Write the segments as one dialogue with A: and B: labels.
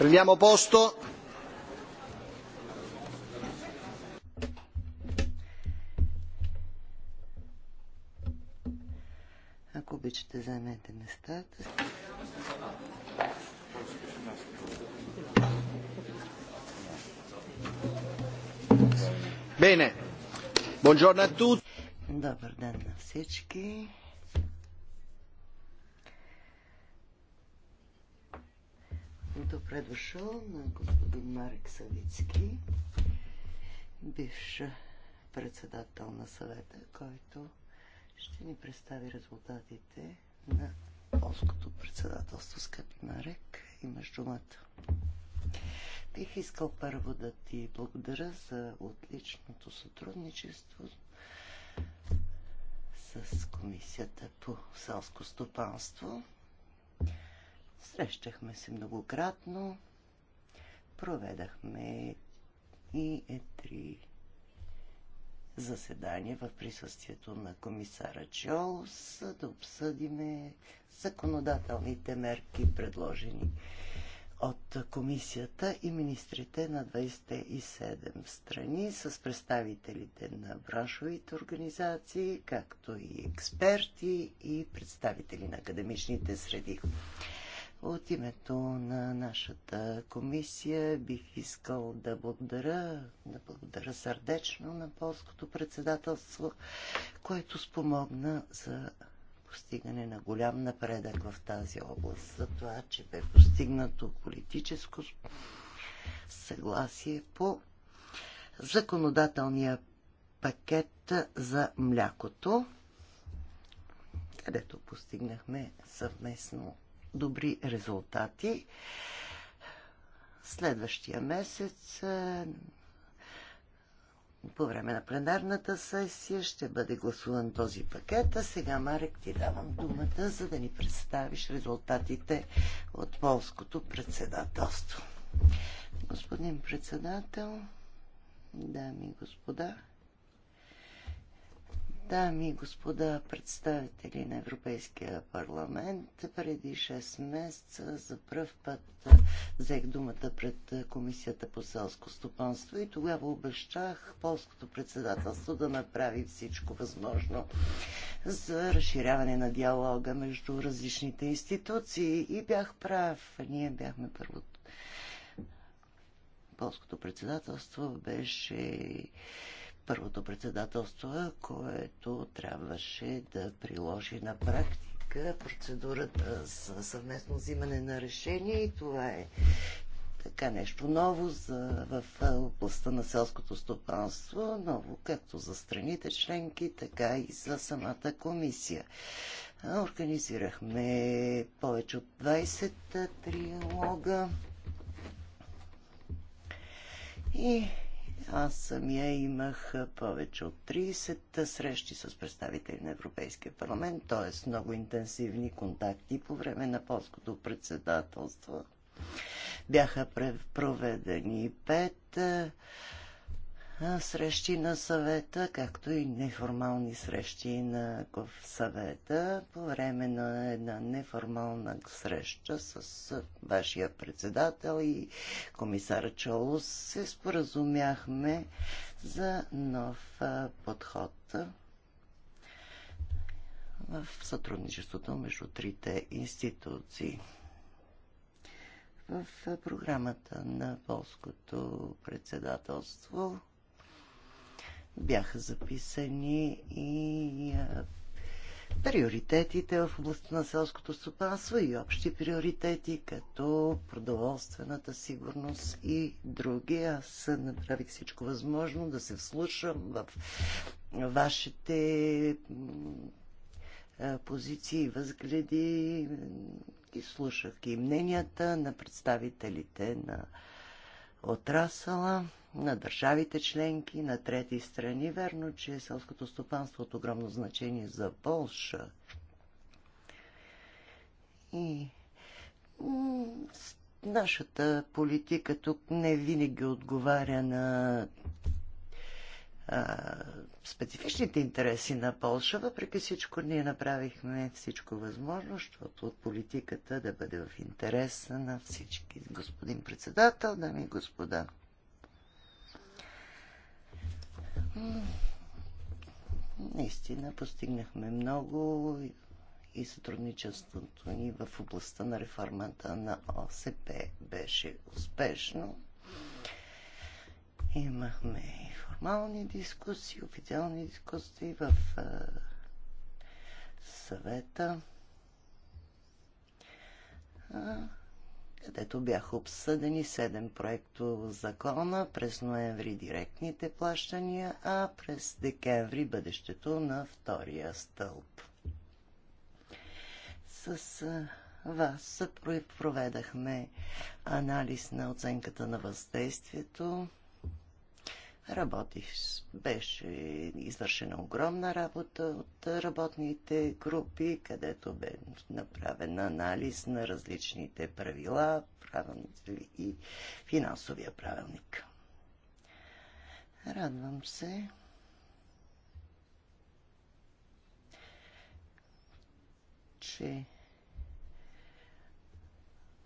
A: Prendiamo posto. Ако обичате, заемете местата. Bene. Buongiorno a tutti. Добър ден на всички. Добре дошъл на господин Марек Савицки, бивш председател на съвета, който ще ни представи резултатите на полското председателство, скъпи Марек. Имаш думата. Бих искал първо да ти благодаря за отличното сътрудничество с Комисията по селско стопанство. Срещахме се многократно, проведахме и е три заседание в присъствието на комисара Чолс да обсъдиме законодателните мерки, предложени от комисията и министрите на 27 страни с представителите на браншовите организации, както и експерти и представители на академичните среди. От името на нашата комисия бих искал да благодаря, да благодаря сърдечно на полското председателство, което спомогна за постигане на голям напредък в тази област, за това, че бе постигнато политическо съгласие по законодателния пакет за млякото, където постигнахме съвместно добри резултати. Следващия месец е, по време на пленарната сесия ще бъде гласуван този пакет. А сега, Марек, ти давам думата, за да ни представиш резултатите от полското председателство. Господин председател, дами и господа, Дами и господа, представители на Европейския парламент, преди 6 месеца за пръв път взех думата пред Комисията по селско стопанство и тогава обещах полското председателство да направи всичко възможно за разширяване на диалога между различните институции и бях прав. Ние бяхме първото Полското председателство беше първото председателство, което трябваше да приложи на практика процедурата за съвместно взимане на решение и това е така нещо ново за, в областта на селското стопанство, ново както за страните членки, така и за самата комисия. Организирахме повече от 20 триалога и аз самия имах повече от 30 срещи с представители на Европейския парламент, т.е. много интенсивни контакти по време на полското председателство. Бяха проведени пет срещи на съвета, както и неформални срещи на съвета по време на една неформална среща с вашия председател и комисар Чолос се споразумяхме за нов подход в сътрудничеството между трите институции. В програмата на полското председателство бяха записани и приоритетите в областта на селското стопанство и общи приоритети, като продоволствената сигурност и други. Аз направих всичко възможно да се вслушам в вашите позиции и възгледи. И слушах и мненията на представителите на отрасъла, на държавите членки, на трети страни. Верно, че селското стопанство е от огромно значение за Полша. И нашата политика тук не винаги отговаря на специфичните интереси на Полша, въпреки всичко ние направихме всичко възможно, защото от политиката да бъде в интереса на всички. Господин председател, дами и господа. Наистина постигнахме много и сътрудничеството ни в областта на реформата на ОСП беше успешно. Имахме неформални дискусии, официални дискусии в съвета, където бяха обсъдени 7 проекто закона, през ноември директните плащания, а през декември бъдещето на втория стълб. С вас проведахме анализ на оценката на въздействието Работи, беше извършена огромна работа от работните групи, където бе направен анализ на различните правила и финансовия правилник. Радвам се, че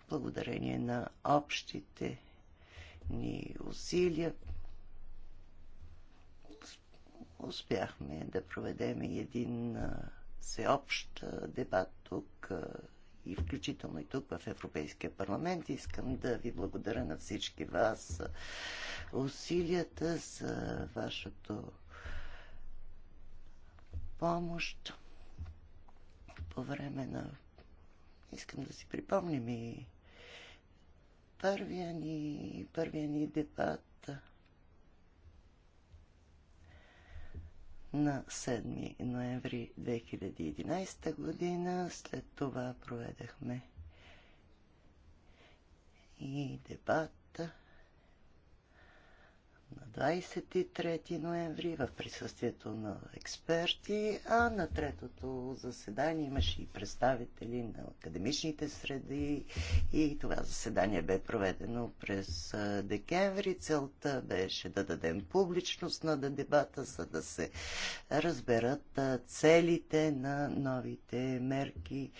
A: благодарение на общите ни усилия успяхме да проведем един всеобщ дебат тук и включително и тук в Европейския парламент. Искам да ви благодаря на всички вас усилията за вашето помощ по време на... Искам да си припомним и първия ни, първия ни дебат на 7 ноември 2011 година. След това проведахме и дебата на 23 ноември в присъствието на експерти, а на третото заседание имаше и представители на академичните среди и това заседание бе проведено през декември. Целта беше да дадем публичност на дебата, за да се разберат целите на новите мерки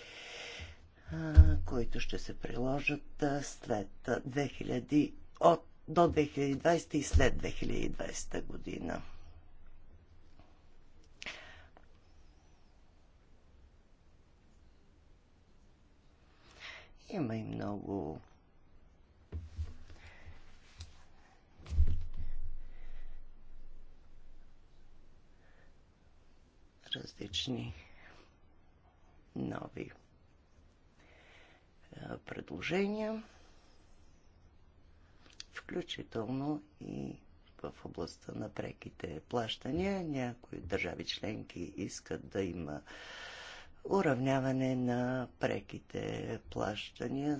A: които ще се приложат след 2000 от до 2020 и след 2020 година. Има и много различни нови предложения включително и в областта на преките плащания. Някои държави членки искат да има уравняване на преките плащания.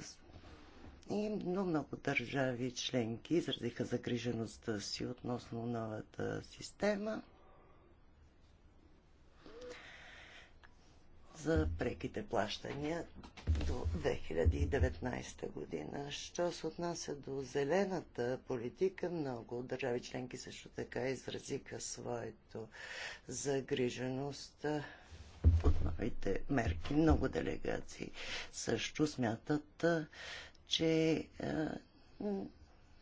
A: И много, много държави членки изразиха загрижеността си относно новата система. за преките плащания до 2019 година. Що се отнася до зелената политика, много държави членки също така изразиха своето загриженост от новите мерки. Много делегации също смятат, че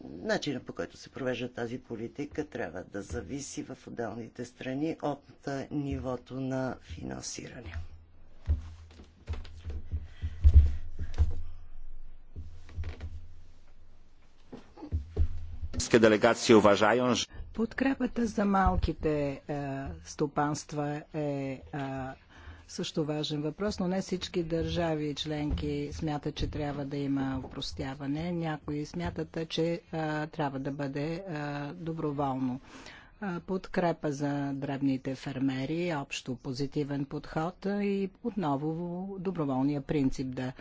A: начина по който се провежда тази политика трябва да зависи в отделните страни от нивото на финансиране.
B: Polskie делегации уважаем, че...
C: Подкрепата за малките е, стопанства е, е също важен въпрос, но не всички държави и членки смятат, че трябва да има упростяване. Някои смятат, че е, трябва да бъде е, доброволно подкрепа за дребните фермери, общо позитивен подход и отново доброволния принцип да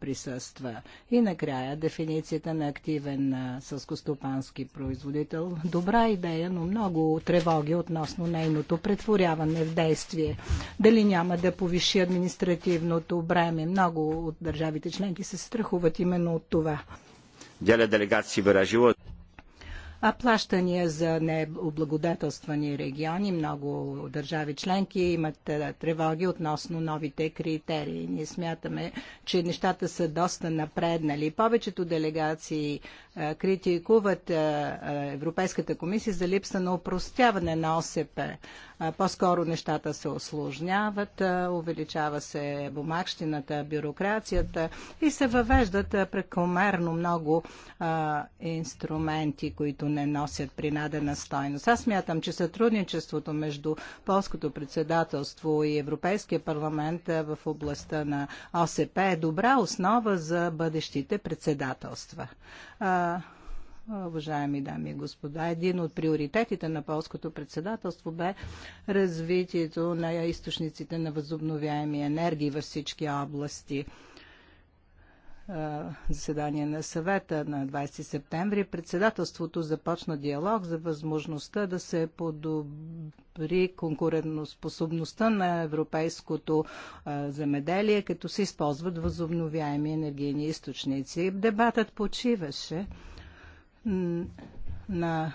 C: присъства. И накрая дефиницията на активен съскостопански производител. Добра идея, но много тревоги относно нейното претворяване в действие. Дали няма да повиши административното бреме? Много от държавите членки се страхуват именно от това.
B: Деля делегации выражило
C: а плащания за необлагодетелствани региони. Много държави членки имат е, тревоги относно новите критерии. Ние смятаме, че нещата са доста напреднали. Повечето делегации е, критикуват е, Европейската комисия за липса на упростяване на ОСП. По-скоро нещата се осложняват, увеличава се бумагщината, бюрокрацията и се въвеждат прекомерно много инструменти, които не носят принадена стойност. Аз мятам, че сътрудничеството между Полското председателство и Европейския парламент в областта на ОСП е добра основа за бъдещите председателства. Уважаеми дами и господа, един от приоритетите на полското председателство бе развитието на източниците на възобновяеми енергии във всички области заседание на съвета на 20 септември, председателството започна диалог за възможността да се подобри конкурентоспособността на европейското замеделие, като се използват възобновяеми енергийни източници. Дебатът почиваше на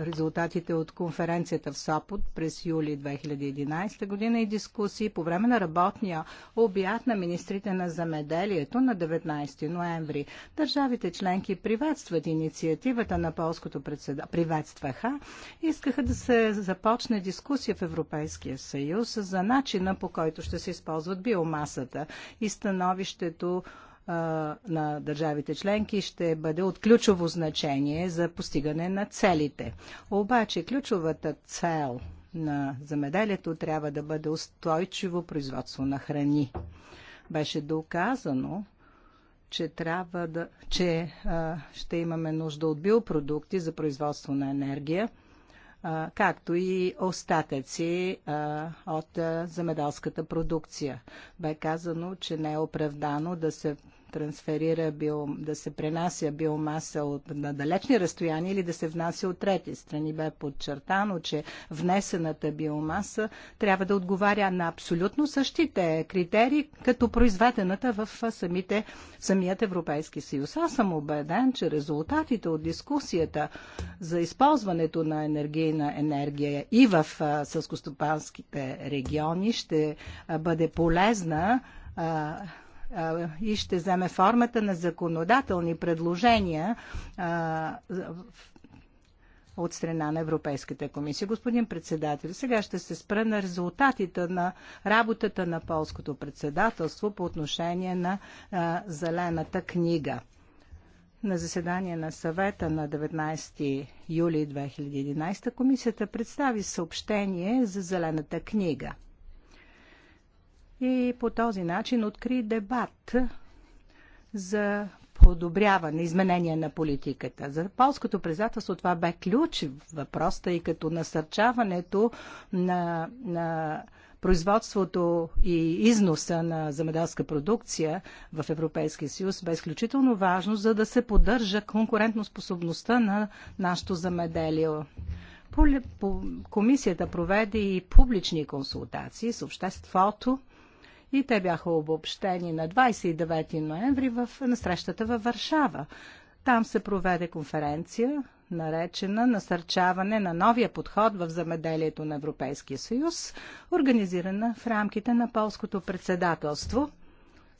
C: резултатите от конференцията в Сопот през юли 2011 година и дискусии по време на работния обяд на министрите на замеделието на 19 ноември. Държавите членки приветстват инициативата на полското председателство. Приветстваха. Искаха да се започне дискусия в Европейския съюз за начина по който ще се използват биомасата и становището на държавите членки ще бъде от ключово значение за постигане на целите. Обаче ключовата цел на замеделието трябва да бъде устойчиво производство на храни. Беше доказано, че трябва да, че а, ще имаме нужда от биопродукти за производство на енергия – както и остатъци от земеделската продукция. Бе казано, че не е оправдано да се трансферира, био, да се пренася биомаса от, на далечни разстояния или да се внася от трети страни. Бе подчертано, че внесената биомаса трябва да отговаря на абсолютно същите критерии, като произведената в самите, самият Европейски съюз. Аз съм убеден, че резултатите от дискусията за използването на енергийна енергия и в сълскостопанските региони ще бъде полезна и ще вземе формата на законодателни предложения от страна на Европейската комисия. Господин председател, сега ще се спра на резултатите на работата на полското председателство по отношение на Зелената книга. На заседание на съвета на 19 юли 2011 комисията представи съобщение за Зелената книга – и по този начин откри дебат за подобряване, изменение на политиката. За полското председателство това бе ключ въпрос, тъй като насърчаването на, на производството и износа на земеделска продукция в Европейския съюз бе изключително важно, за да се поддържа конкурентоспособността на нашето земеделие. Комисията проведе и публични консултации с обществото, и те бяха обобщени на 29 ноември в, на срещата във Варшава. Там се проведе конференция, наречена Насърчаване на новия подход в замеделието на Европейския съюз, организирана в рамките на полското председателство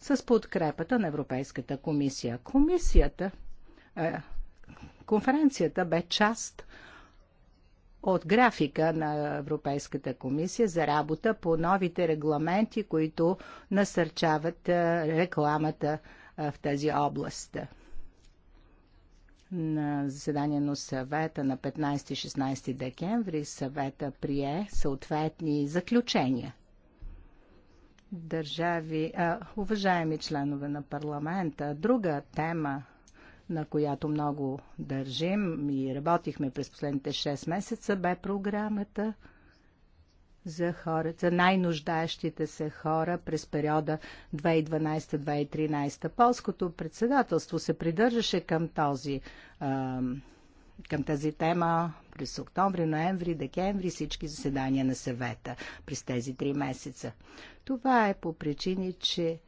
C: с подкрепата на Европейската комисия. Комисията, е, конференцията бе част от графика на Европейската комисия за работа по новите регламенти, които насърчават рекламата в тази област. На заседание на съвета на 15-16 декември съвета прие съответни заключения. Държави, а, уважаеми членове на парламента, друга тема, на която много държим и работихме през последните 6 месеца, бе програмата за хора, за най-нуждаещите се хора през периода 2012-2013. Полското председателство се придържаше към този към тази тема през октомври, ноември, декември всички заседания на съвета през тези три месеца. Това е по причини, че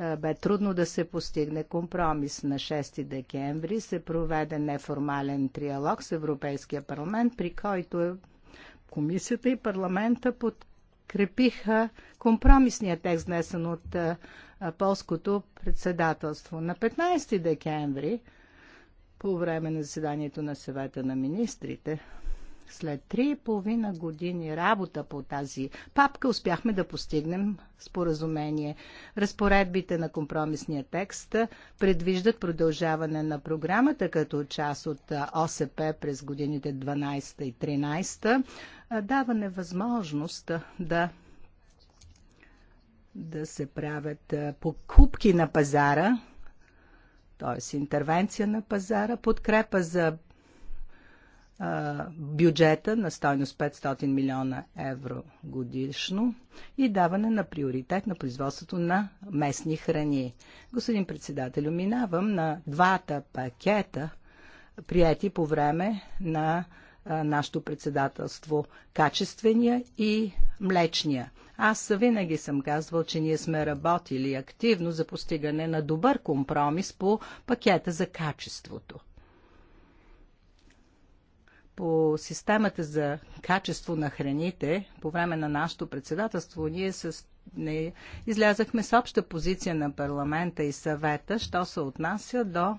C: е, бе трудно да се постигне компромис. На 6 декември се проведе неформален триалог с Европейския парламент, при който комисията и парламента подкрепиха компромисния текст, внесен от е, е, полското председателство. На 15 декември, по време на заседанието на съвета на министрите, след три и половина години работа по тази папка успяхме да постигнем споразумение. Разпоредбите на компромисния текст предвиждат продължаване на програмата като част от ОСП през годините 12 и 13, даване възможност да да се правят покупки на пазара, т.е. интервенция на пазара, подкрепа за бюджета на стойност 500 милиона евро годишно и даване на приоритет на производството на местни храни. Господин председател, минавам на двата пакета, прияти по време на нашето председателство качествения и млечния. Аз винаги съм казвал, че ние сме работили активно за постигане на добър компромис по пакета за качеството. По системата за качество на храните, по време на нашето председателство, ние с не излязахме с обща позиция на парламента и съвета, що се отнася до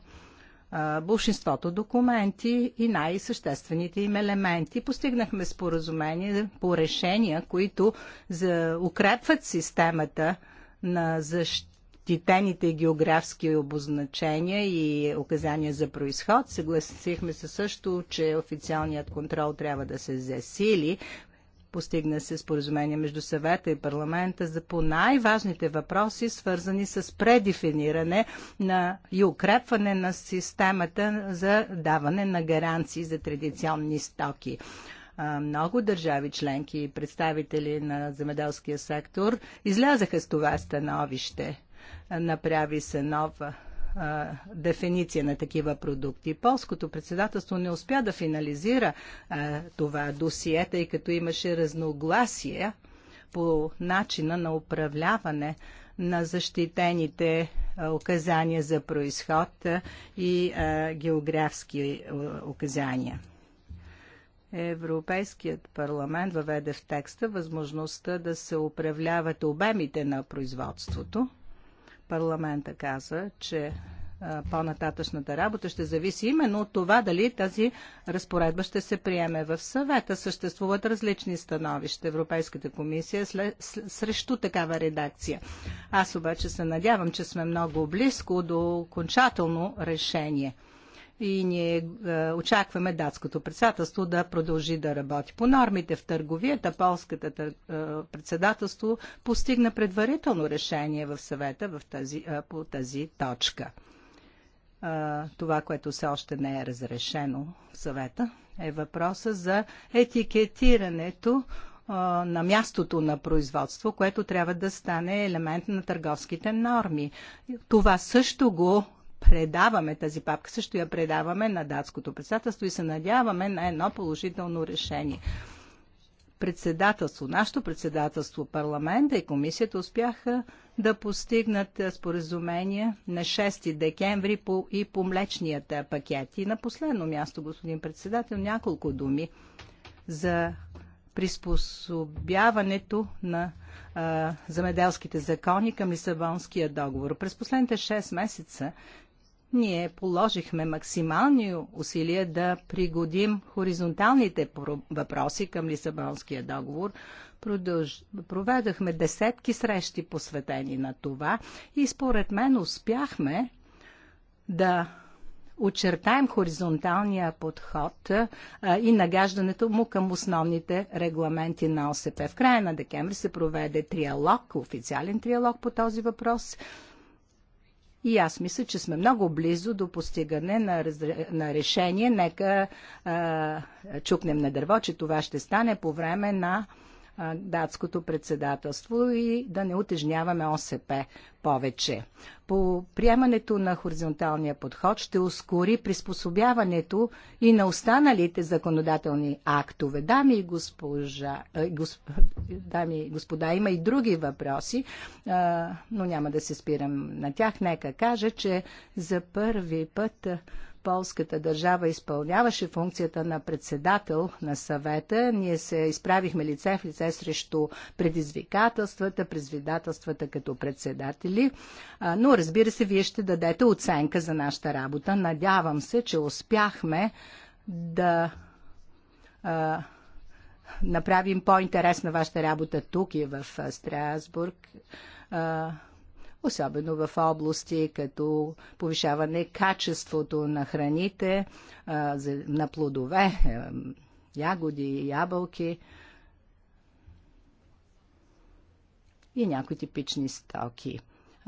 C: большинството документи и най-съществените им елементи. Постигнахме споразумение по решения, които за, укрепват системата на защита защитените географски обозначения и указания за происход. Съгласихме се също, че официалният контрол трябва да се засили. Постигна се споразумение между съвета и парламента за по най-важните въпроси, свързани с предефиниране на и укрепване на системата за даване на гаранции за традиционни стоки много държави членки и представители на земеделския сектор излязаха с това становище направи се нова дефиниция на такива продукти. Полското председателство не успя да финализира а, това досие, тъй като имаше разногласие по начина на управляване на защитените указания за происход и а, географски указания. Европейският парламент въведе в текста възможността да се управляват обемите на производството парламента каза, че по-нататъчната работа ще зависи именно от това дали тази разпоредба ще се приеме в съвета. Съществуват различни становища Европейската комисия срещу такава редакция. Аз обаче се надявам, че сме много близко до окончателно решение – и ние е, очакваме датското председателство да продължи да работи. По нормите в търговията, полската тър... Е, председателство постигна предварително решение в съвета в тази, е, по тази точка. Това, което все още не е разрешено в съвета, е въпроса за етикетирането на мястото на производство, което трябва да стане елемент на търговските норми. Това също го предаваме тази папка, също я предаваме на датското председателство и се надяваме на едно положително решение. Председателство, нашето председателство, парламента и комисията успяха да постигнат споразумение на 6 декември по, и по млечният пакет. И на последно място, господин председател, няколко думи за приспособяването на а, замеделските закони към Лисабонския договор. През последните 6 месеца ние положихме максимални усилия да пригодим хоризонталните въпроси към Лисабонския договор. Продълж... Проведахме десетки срещи посветени на това и според мен успяхме да очертаем хоризонталния подход а, и нагаждането му към основните регламенти на ОСП. В края на декември се проведе триалог, официален триалог по този въпрос и аз мисля, че сме много близо до постигане на, на решение. Нека а, чукнем на дърво, че това ще стане по време на датското председателство и да не утежняваме ОСП повече. По приемането на хоризонталния подход ще ускори приспособяването и на останалите законодателни актове. Дами и, госпожа, госп... Дами и господа, има и други въпроси, но няма да се спирам на тях. Нека кажа, че за първи път полската държава изпълняваше функцията на председател на съвета, ние се изправихме лице в лице срещу предизвикателствата, предизвикателствата като председатели. Но разбира се, вие ще дадете оценка за нашата работа. Надявам се, че успяхме да направим по-интересна вашата работа тук и в Страсбург особено в области като повишаване качеството на храните, на плодове, е, ягоди, ябълки и някои типични стоки.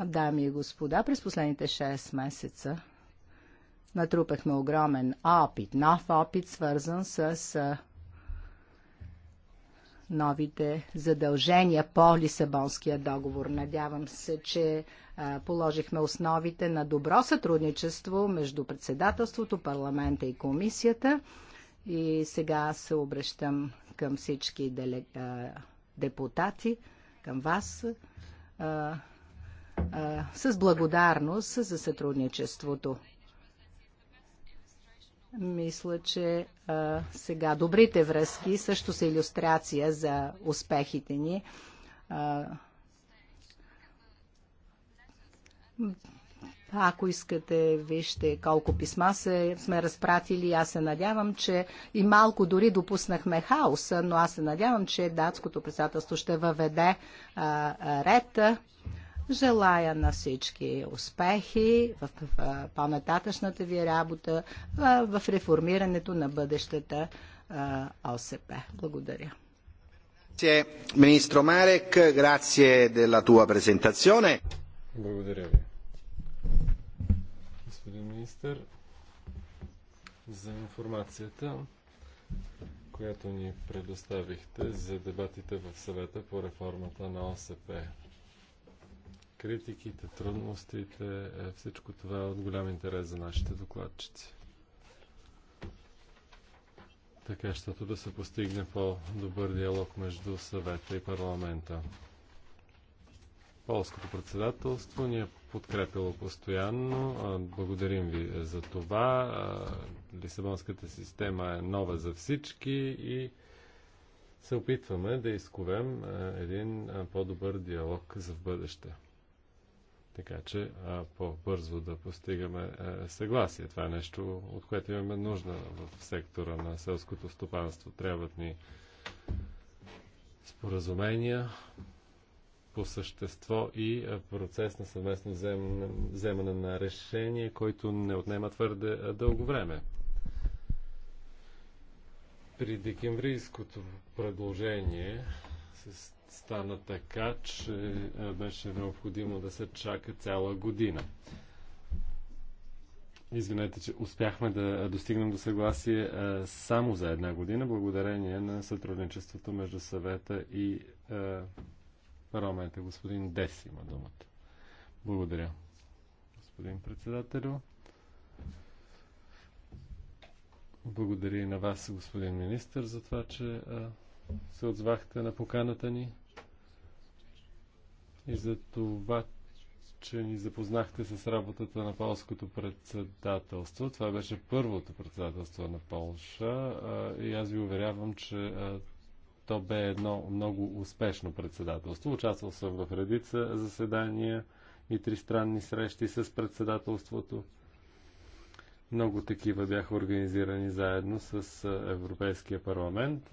C: Дами и господа, през последните 6 месеца натрупахме огромен опит, нов опит, свързан с новите задължения по Лисабонския договор. Надявам се, че положихме основите на добро сътрудничество между председателството, парламента и комисията. И сега се обръщам към всички депутати, към вас, с благодарност за сътрудничеството. Мисля, че а, сега добрите връзки също са иллюстрация за успехите ни. А, ако искате, вижте колко писма се, сме разпратили. Аз се надявам, че и малко дори допуснахме хаоса, но аз се надявам, че датското председателство ще въведе а, ред Желая на всички успехи в, по-нататъчната ви работа, в реформирането на бъдещата ОСП. Благодаря.
A: Министро Марек, grazie
C: della tua presentazione.
A: Благодаря ви.
B: Господин министр, за информацията, която ни предоставихте за дебатите в съвета по реформата на ОСП критиките, трудностите, е, всичко това е от голям интерес за нашите докладчици. Така, щото да се постигне по-добър диалог между съвета и парламента. Полското председателство ни е подкрепило постоянно. Благодарим ви за това. Лисабонската система е нова за всички и се опитваме да изковем един по-добър диалог за в бъдеще така че по-бързо да постигаме съгласие. Това е нещо, от което имаме нужда в сектора на селското стопанство. Трябват ни споразумения по същество и процес на съвместно вземане на решение, който не отнема твърде дълго време. При декемврийското предложение с стана така, че беше необходимо да се чака цяла година. Извинете, че успяхме да достигнем до съгласие само за една година, благодарение на сътрудничеството между съвета и парламента. Господин Дес има думата. Благодаря, господин председателю. Благодаря и на вас, господин министр, за това, че се отзвахте на поканата ни и за това, че ни запознахте с работата на полското председателство. Това беше първото председателство на Полша и аз ви уверявам, че то бе едно много успешно председателство. Участвал съм в редица заседания и тристранни срещи с председателството. Много такива бяха организирани заедно с Европейския парламент,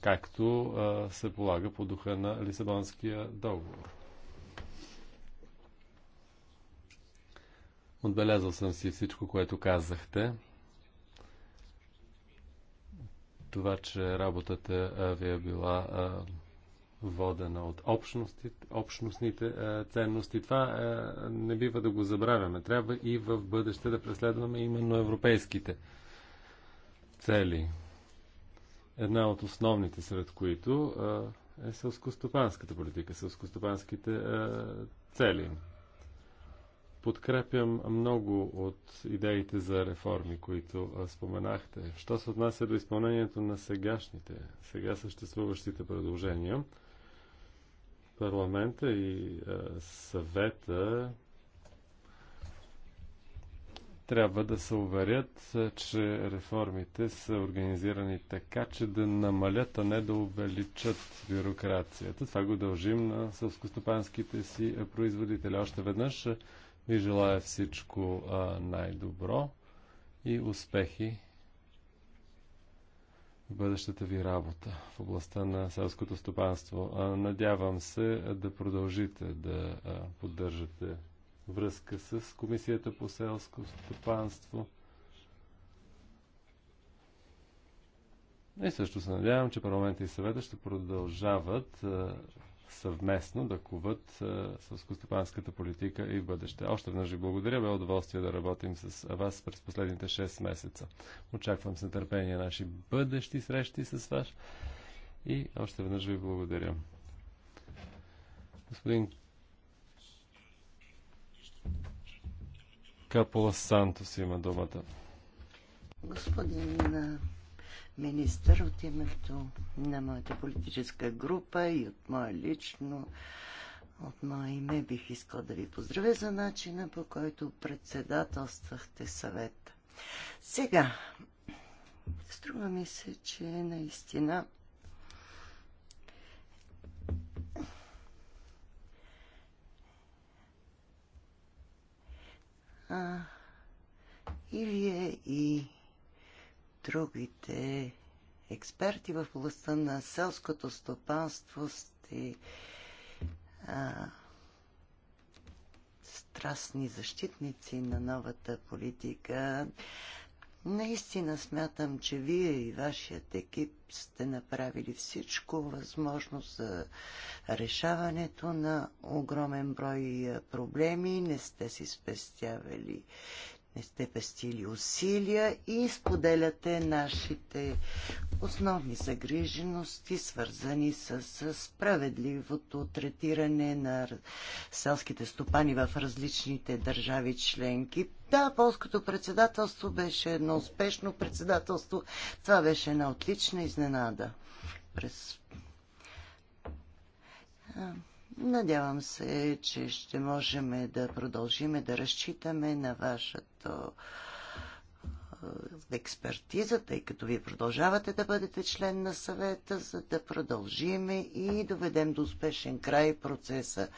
B: както се полага по духа на Лисабонския договор. Отбелязал съм си всичко, което казахте. Това, че работата ви е била водена от общностните е, ценности. Това е, не бива да го забравяме. Трябва и в бъдеще да преследваме именно европейските цели. Една от основните, сред които е, е сълскостопанската политика, сълскостопанските цели. Подкрепям много от идеите за реформи, които споменахте. Що се отнася до изпълнението на сегашните, сега съществуващите предложения – парламента и съвета трябва да се уверят, че реформите са организирани така, че да намалят, а не да увеличат бюрокрацията. Това го дължим на сълскостопанските си производители. Още веднъж ви желая всичко най-добро и успехи бъдещата ви работа в областта на селското стопанство. Надявам се да продължите да поддържате връзка с Комисията по селско стопанство. И също се надявам, че парламента и съвета ще продължават съвместно да куват е, сълскостопанската политика и в бъдеще. Още веднъж ви благодаря. Бе удоволствие да работим с вас през последните 6 месеца. Очаквам с нетърпение наши бъдещи срещи с вас и още веднъж ви благодаря. Господин Капола Сантос има думата.
A: Господин е, министър, от името на моята политическа група и от моя лично, от мое име бих искал да ви поздравя за начина по който председателствахте съвет. Сега, струва ми се, че наистина а, и вие, и другите експерти в областта на селското стопанство сте а, страстни защитници на новата политика. Наистина смятам, че вие и вашият екип сте направили всичко възможно за решаването на огромен брой проблеми. Не сте си спестявали не сте пестили усилия и споделяте нашите основни загрижености, свързани с, справедливото третиране на селските стопани в различните държави членки. Да, полското председателство беше едно успешно председателство. Това беше една отлична изненада. През... Надявам се, че ще можем да продължиме да разчитаме на вашата експертиза, тъй като вие продължавате да бъдете член на съвета, за да продължиме и доведем до успешен край процеса,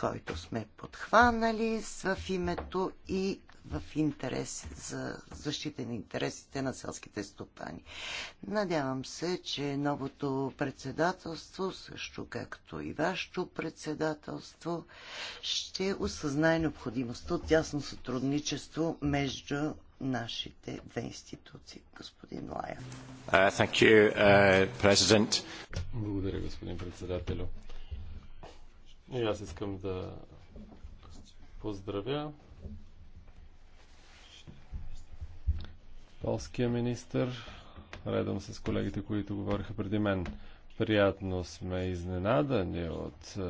A: който сме подхванали в името и в интерес за защита на интересите на селските стопани. Надявам се, че новото председателство, също както и вашето председателство, ще осъзнае необходимостта от тясно сътрудничество между нашите две институции. Господин Лая.
C: Uh, you,
B: uh, Благодаря, господин председателю. И аз искам да поздравя полския министр, редом с колегите, които говориха преди мен. Приятно сме изненадани от е,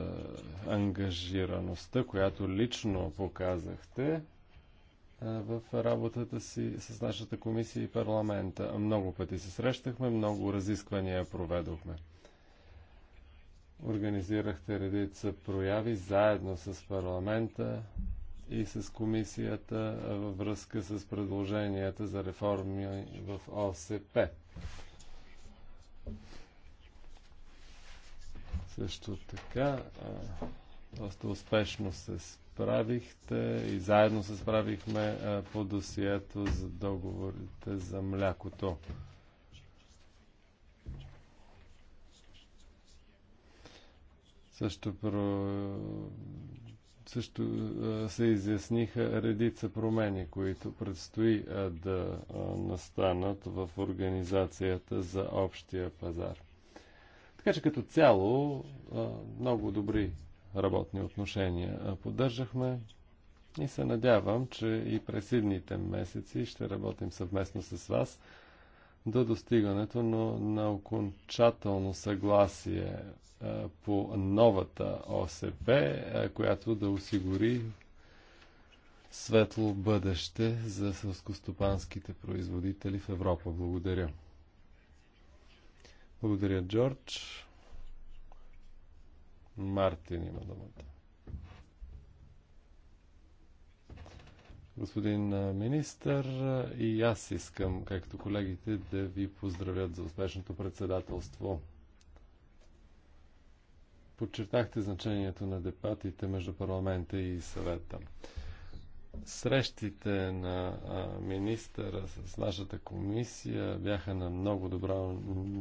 B: ангажираността, която лично показахте е, в работата си с нашата комисия и парламента. Много пъти се срещахме, много разисквания проведохме. Организирахте редица прояви заедно с парламента, и с комисията във връзка с предложенията за реформи в ОСП. Също така, доста успешно се справихте и заедно се справихме по досието за договорите за млякото. Също про също се изясниха редица промени, които предстои да настанат в организацията за общия пазар. Така че като цяло много добри работни отношения поддържахме и се надявам, че и през идните месеци ще работим съвместно с вас до достигането на, на окончателно съгласие а, е, по новата ОСП, а, е, която да осигури светло бъдеще за сълскостопанските производители в Европа. Благодаря. Благодаря, Джордж. Мартин има думата. Господин министър, и аз искам, както колегите, да ви поздравят за успешното председателство. Подчертахте значението на депатите между парламента и съвета. Срещите на министъра с нашата комисия бяха на много добро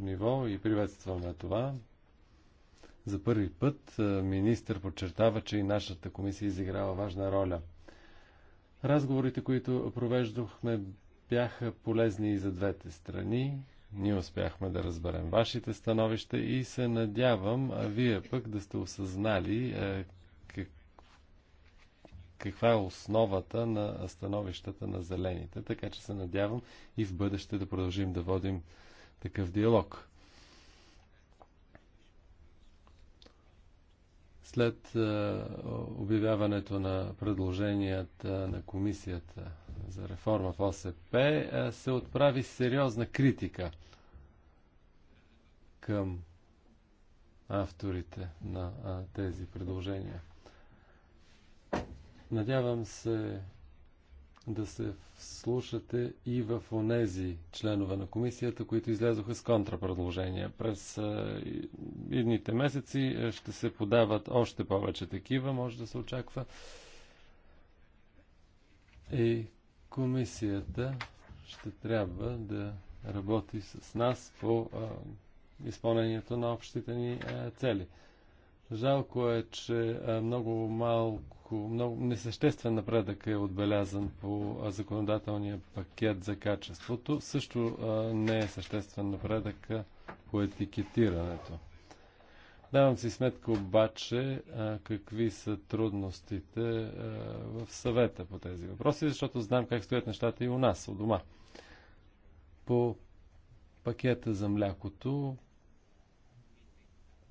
B: ниво и приветстваме това. За първи път министър подчертава, че и нашата комисия изиграва важна роля – Разговорите, които провеждахме, бяха полезни и за двете страни. Ние успяхме да разберем вашите становища и се надявам, а вие пък да сте осъзнали е, как, каква е основата на становищата на зелените, така че се надявам и в бъдеще да продължим да водим такъв диалог. След е, обявяването на предложенията на комисията за реформа в ОСП е, се отправи сериозна критика към авторите на тези предложения. Надявам се да се вслушате и в онези членове на комисията, които излязоха с контрапредложения. През идните месеци ще се подават още повече такива, може да се очаква. И комисията ще трябва да работи с нас по а, изпълнението на общите ни а, цели. Жалко е, че а, много малко малко, много несъществен напредък е отбелязан по законодателния пакет за качеството. Също а, не е съществен напредък по етикетирането. Давам си сметка обаче а, какви са трудностите а, в съвета по тези въпроси, защото знам как стоят нещата и у нас, у дома. По пакета за млякото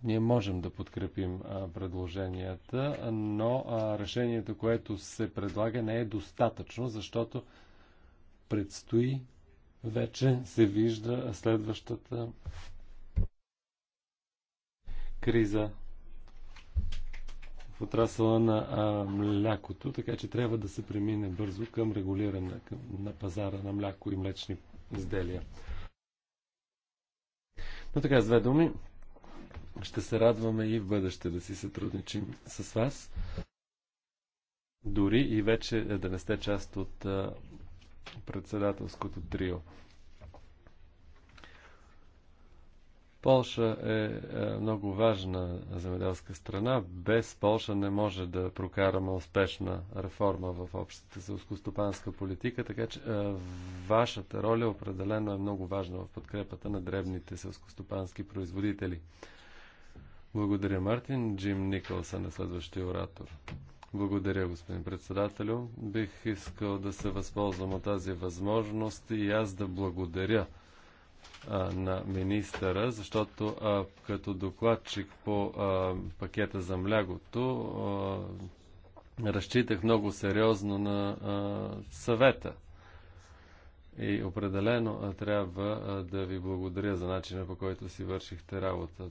B: ние можем да подкрепим предложенията, но решението, което се предлага, не е достатъчно, защото предстои вече се вижда следващата криза в отрасъла на млякото, така че трябва да се премине бързо към регулиране на пазара на мляко и млечни изделия. Но така, с две думи, ще се радваме и в бъдеще да си сътрудничим с вас. Дори и вече да не сте част от председателското трио. Полша е много важна земеделска страна. Без Полша не може да прокараме успешна реформа в общата селскостопанска политика, така че вашата роля определено е много важна в подкрепата на древните селскостопански производители. Благодаря, Мартин. Джим Николсън е следващия оратор. Благодаря, господин председателю. Бих искал да се възползвам от тази възможност и аз да благодаря а, на министъра, защото а, като докладчик по а, пакета за млягото а, разчитах много сериозно на а, съвета. И определено а, трябва а, да ви благодаря за начина по който си вършихте работата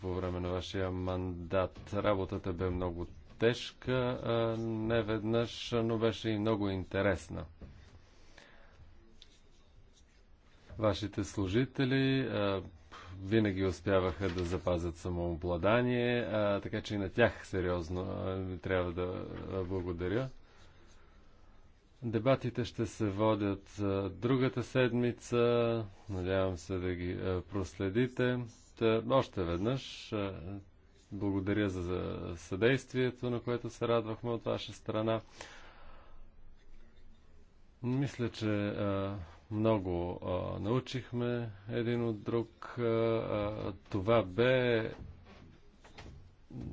B: по време на вашия мандат. Работата бе много тежка, не веднъж, но беше и много интересна. Вашите служители винаги успяваха да запазят самообладание, така че и на тях сериозно трябва да благодаря. Дебатите ще се водят другата седмица. Надявам се да ги проследите. Е, още веднъж е, благодаря за съдействието, на което се радвахме от ваша страна. Мисля, че е, много научихме един от друг. Това бе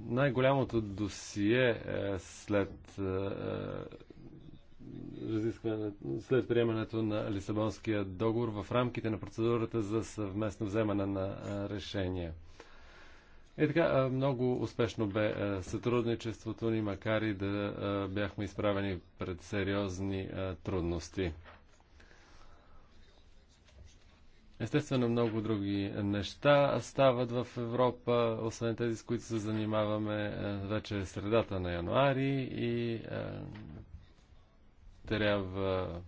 B: най-голямото досие след след приемането на Лисабонския договор в рамките на процедурата за съвместно вземане на решения. И така, много успешно бе сътрудничеството ни, макар и да бяхме изправени пред сериозни трудности. Естествено, много други неща стават в Европа, освен тези, с които се занимаваме вече е средата на януари и трябва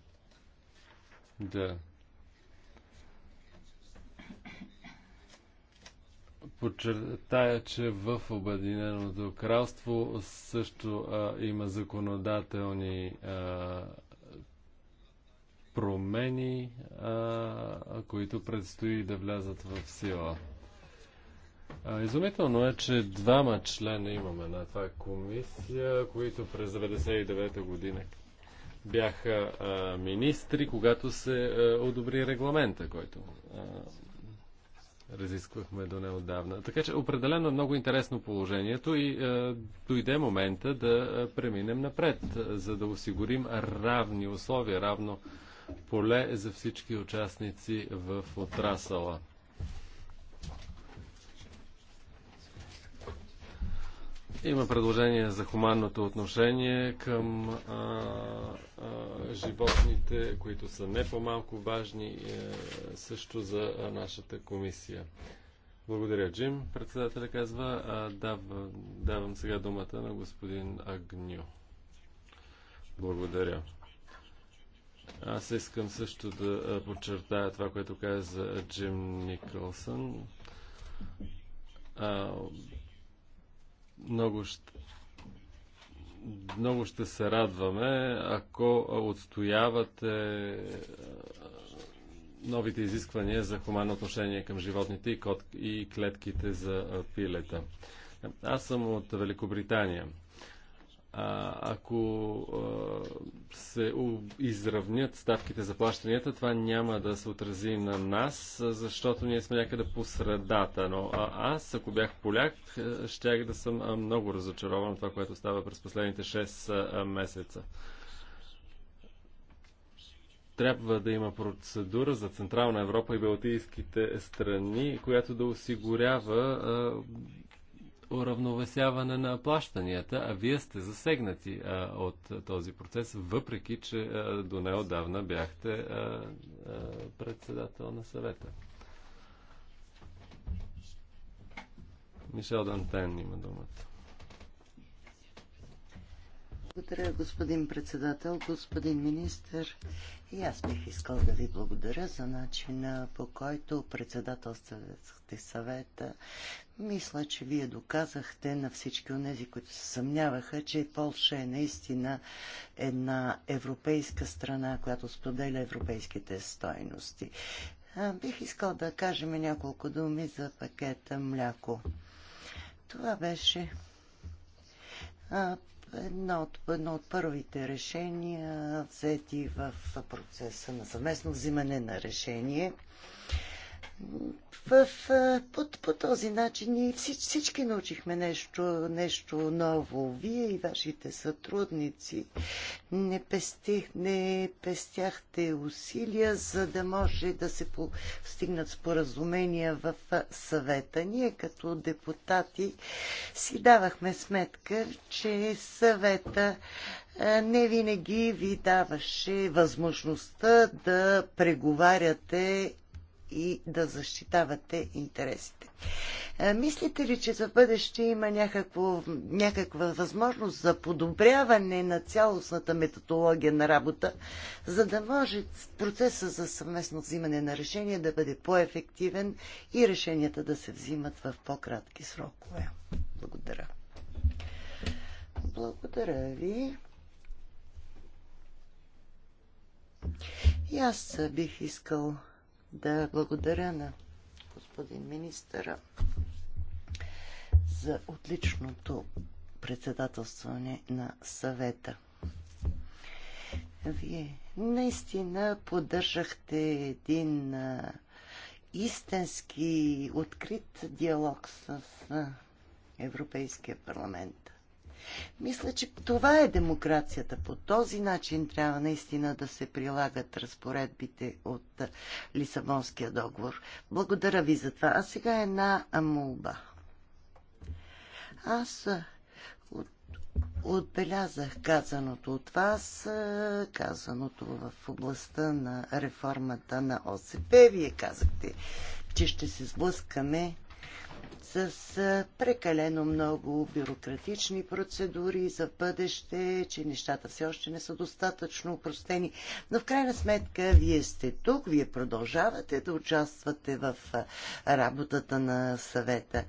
B: да подчертая, че в Обединеното кралство също а, има законодателни а, промени, а, които предстои да влязат в сила. А, изумително е, че двама члена имаме на това комисия, които през 99 година бяха а, министри, когато се а, одобри регламента, който а, разисквахме до неодавна. Така че определено е много интересно положението и а, дойде момента да преминем напред, за да осигурим равни условия, равно поле за всички участници в отрасала. Има предложение за хуманното отношение към а, а, животните, които са не по-малко важни е, също за а, нашата комисия. Благодаря, Джим. Председателя казва, а, дав, давам сега думата на господин Агню. Благодаря. Аз искам също да подчертая това, което каза Джим Никълсън. А, много ще, много ще се радваме, ако отстоявате новите изисквания за хуманно отношение към животните и, кот, и клетките за пилета. Аз съм от Великобритания а, ако а, се у, изравнят ставките за плащанията, това няма да се отрази на нас, защото ние сме някъде по средата. Но а, аз, ако бях поляк, щях да съм много разочарован от това, което става през последните 6 месеца. Трябва да има процедура за Централна Европа и Балтийските страни, която да осигурява а, уравновесяване на плащанията, а вие сте засегнати а, от този процес, въпреки че а, до неодавна бяхте а, а, председател на съвета. Мишел Дантен има думата.
A: Благодаря, господин председател, господин министр. И аз бих искал да ви благодаря за начина по който председателствате съвета. Мисля, че вие доказахте на всички от тези, които се съмняваха, че Полша е наистина една европейска страна, която споделя европейските стойности. Бих искал да кажем няколко думи за пакета мляко. Това беше едно от, едно от първите решения, взети в процеса на съвместно взимане на решение в, по, по този начин и всич, всички научихме нещо, нещо ново. Вие и вашите сътрудници не, пестих, не пестяхте усилия, за да може да се постигнат споразумения в съвета. Ние като депутати си давахме сметка, че съвета не винаги ви даваше възможността да преговаряте и да защитавате интересите. Е, мислите ли, че за бъдеще има някакво, някаква възможност за подобряване на цялостната методология на работа, за да може процеса за съвместно взимане на решения да бъде по-ефективен и решенията да се взимат в по-кратки срокове? Благодаря. Благодаря ви. И аз бих искал да благодаря на господин министъра за отличното председателстване на съвета. Вие наистина поддържахте един а, истински открит диалог с а, Европейския парламент. Мисля, че това е демокрацията. По този начин трябва наистина да се прилагат разпоредбите от Лисабонския договор. Благодаря ви за това. А сега една молба. Аз от, отбелязах казаното от вас, казаното в областта на реформата на ОСП. Вие казахте, че ще се сблъскаме с прекалено много бюрократични процедури за бъдеще, че нещата все още не са достатъчно упростени. Но в крайна сметка вие сте тук, вие продължавате да участвате в работата на съвета.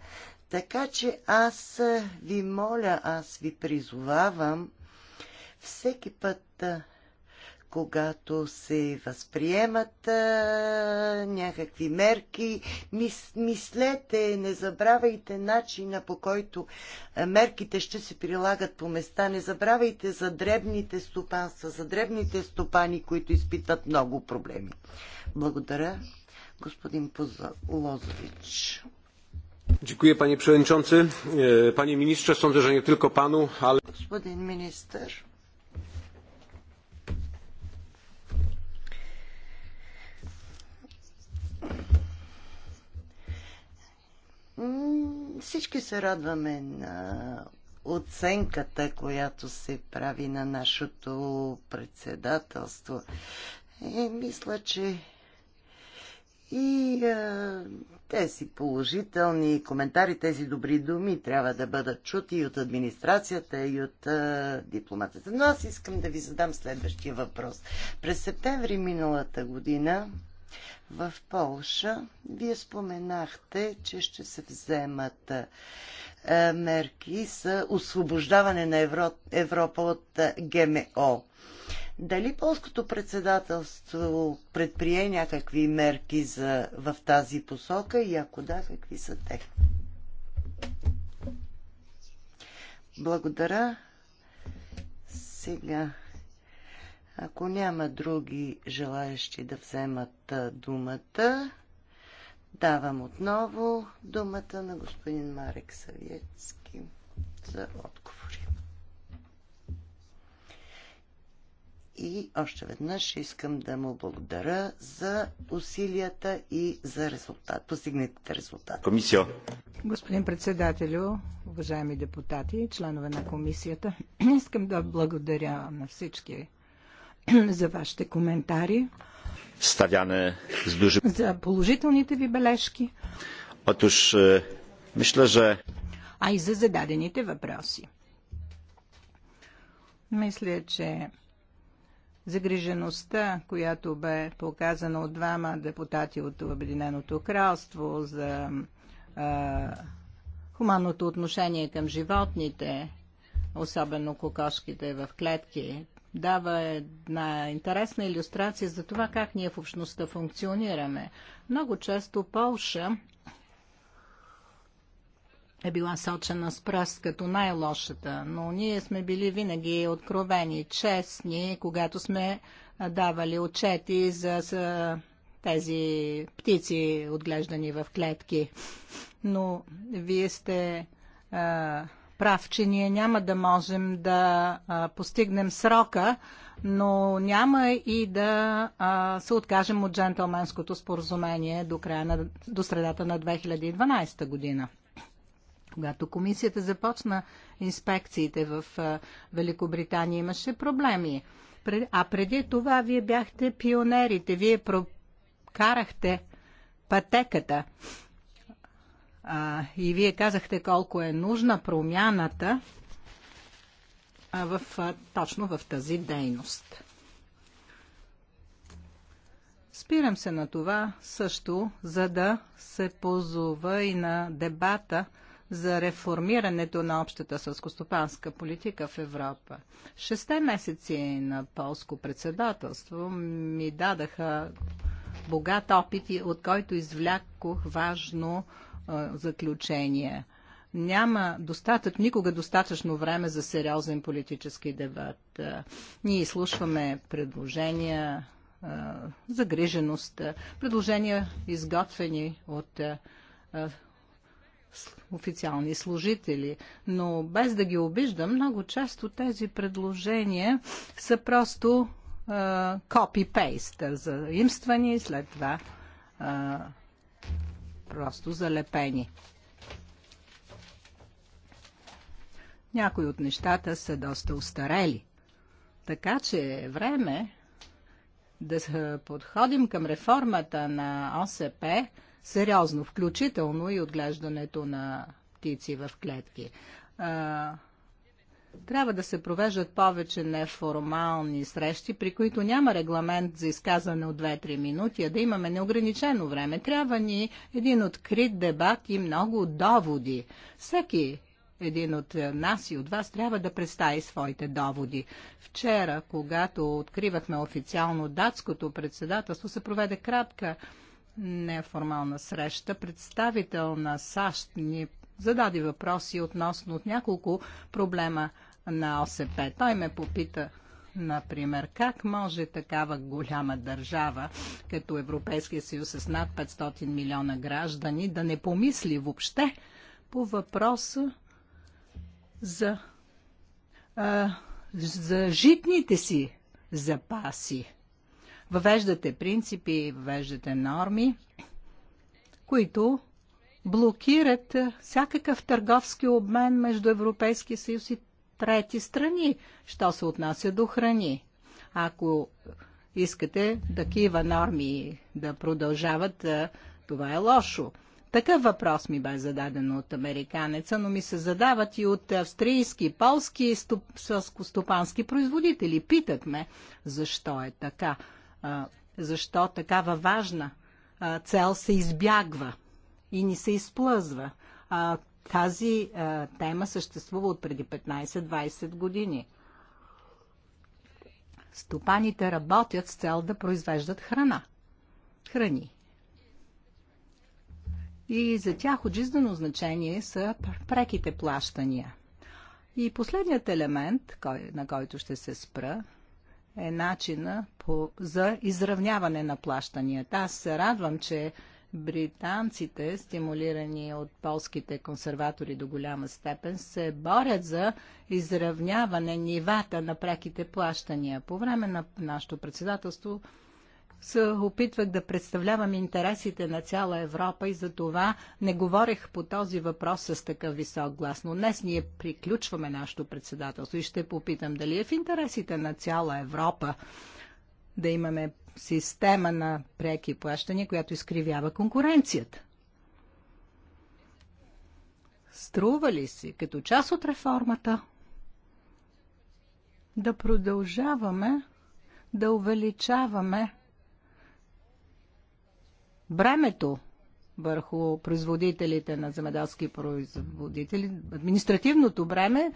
A: Така че аз ви моля, аз ви призовавам всеки път когато се възприемат а, някакви мерки, мис, мислете, не забравяйте начина по който а, мерките ще се прилагат по места, не забравяйте за дребните стопанства, за дребните стопани, които изпитват много проблеми. Благодаря, господин Лозович.
B: Dziękuję panie przewodniczący. Panie ministrze, sądzę, że nie tylko panu,
A: ale... Господин министър, Всички се радваме на оценката, която се прави на нашето председателство. И е, мисля, че и а, тези положителни коментари, тези добри думи трябва да бъдат чути и от администрацията, и от а, дипломатите. Но аз искам да ви задам следващия въпрос. През септември миналата година в Полша. Вие споменахте, че ще се вземат е, мерки за освобождаване на Европа от е, ГМО. Дали полското председателство предприе някакви мерки за, в тази посока и ако да, какви са те? Благодаря. Сега ако няма други желаящи да вземат думата, давам отново думата на господин Марек Савецки за отговори. И още веднъж искам да му благодаря за усилията и за резултат, постигнатите резултати. Комисия.
C: Господин председателю, уважаеми депутати и членове на комисията, искам да благодаря на всички за вашите коментари.
B: Stawiane z dużym...
C: За положителните ви бележки.
B: Otóż e, myślę, że...
C: А и за зададените въпроси. Мисля, че загрижеността, която бе показана от двама депутати от Обединеното кралство за а, хуманното отношение към животните, особено кокошките в клетки, дава една интересна иллюстрация за това как ние в общността функционираме. Много често Полша е била сочена с пръст като най-лошата, но ние сме били винаги откровени, честни, когато сме давали отчети за, за тези птици, отглеждани в клетки. Но вие сте а, прав, че ние няма да можем да а, постигнем срока, но няма и да а, се откажем от джентълменското споразумение до, края на, до средата на 2012 година. Когато комисията започна инспекциите в а, Великобритания, имаше проблеми. А преди това вие бяхте пионерите, вие прокарахте пътеката а, и вие казахте колко е нужна промяната а, в, а, точно в тази дейност. Спирам се на това също, за да се позова и на дебата за реформирането на общата сълскостопанска политика в Европа. Шесте месеци на полско председателство ми дадаха богат опит, от който извлякох важно заключения. Няма достатък, никога достатъчно време за сериозен политически дебат. Ние изслушваме предложения, загриженост, предложения изготвени от официални служители, но без да ги обиждам, много често тези предложения са просто копи-пейст, заимствани, след това просто залепени. Някои от нещата са доста устарели. Така че е време да подходим към реформата на ОСП сериозно, включително и отглеждането на птици в клетки. Трябва да се провеждат повече неформални срещи, при които няма регламент за изказване от 2-3 минути, а да имаме неограничено време. Трябва ни един открит дебат и много доводи. Всеки един от нас и от вас трябва да представи своите доводи. Вчера, когато откривахме официално датското председателство, се проведе кратка неформална среща. Представител на САЩ ни зададе въпроси относно от няколко проблема на ОСП. Той ме попита, например, как може такава голяма държава, като Европейския съюз с над 500 милиона граждани, да не помисли въобще по въпроса за, а, за житните си запаси. Въвеждате принципи, въвеждате норми, които блокират всякакъв търговски обмен между Европейския съюз и трети страни, що се отнася до храни. Ако искате такива норми да продължават, това е лошо. Такъв въпрос ми бе зададен от американеца, но ми се задават и от австрийски, полски и селскостопански производители. Питат ме, защо е така, защо такава важна цел се избягва и ни се изплъзва. А, тази а, тема съществува от преди 15-20 години. Стопаните работят с цел да произвеждат храна. Храни. И за тях от жизнено значение са преките плащания. И последният елемент, кой, на който ще се спра, е начина по, за изравняване на плащанията. Аз се радвам, че британците, стимулирани от полските консерватори до голяма степен, се борят за изравняване нивата на преките плащания. По време на нашето председателство се опитвах да представлявам интересите на цяла Европа и за това не говорех по този въпрос с такъв висок глас. Но днес ние приключваме нашето председателство и ще попитам дали е в интересите на цяла Европа да имаме система на преки плащания, която изкривява конкуренцията. Струва ли си, като част от реформата, да продължаваме да увеличаваме бремето върху производителите на земеделски производители, административното бреме,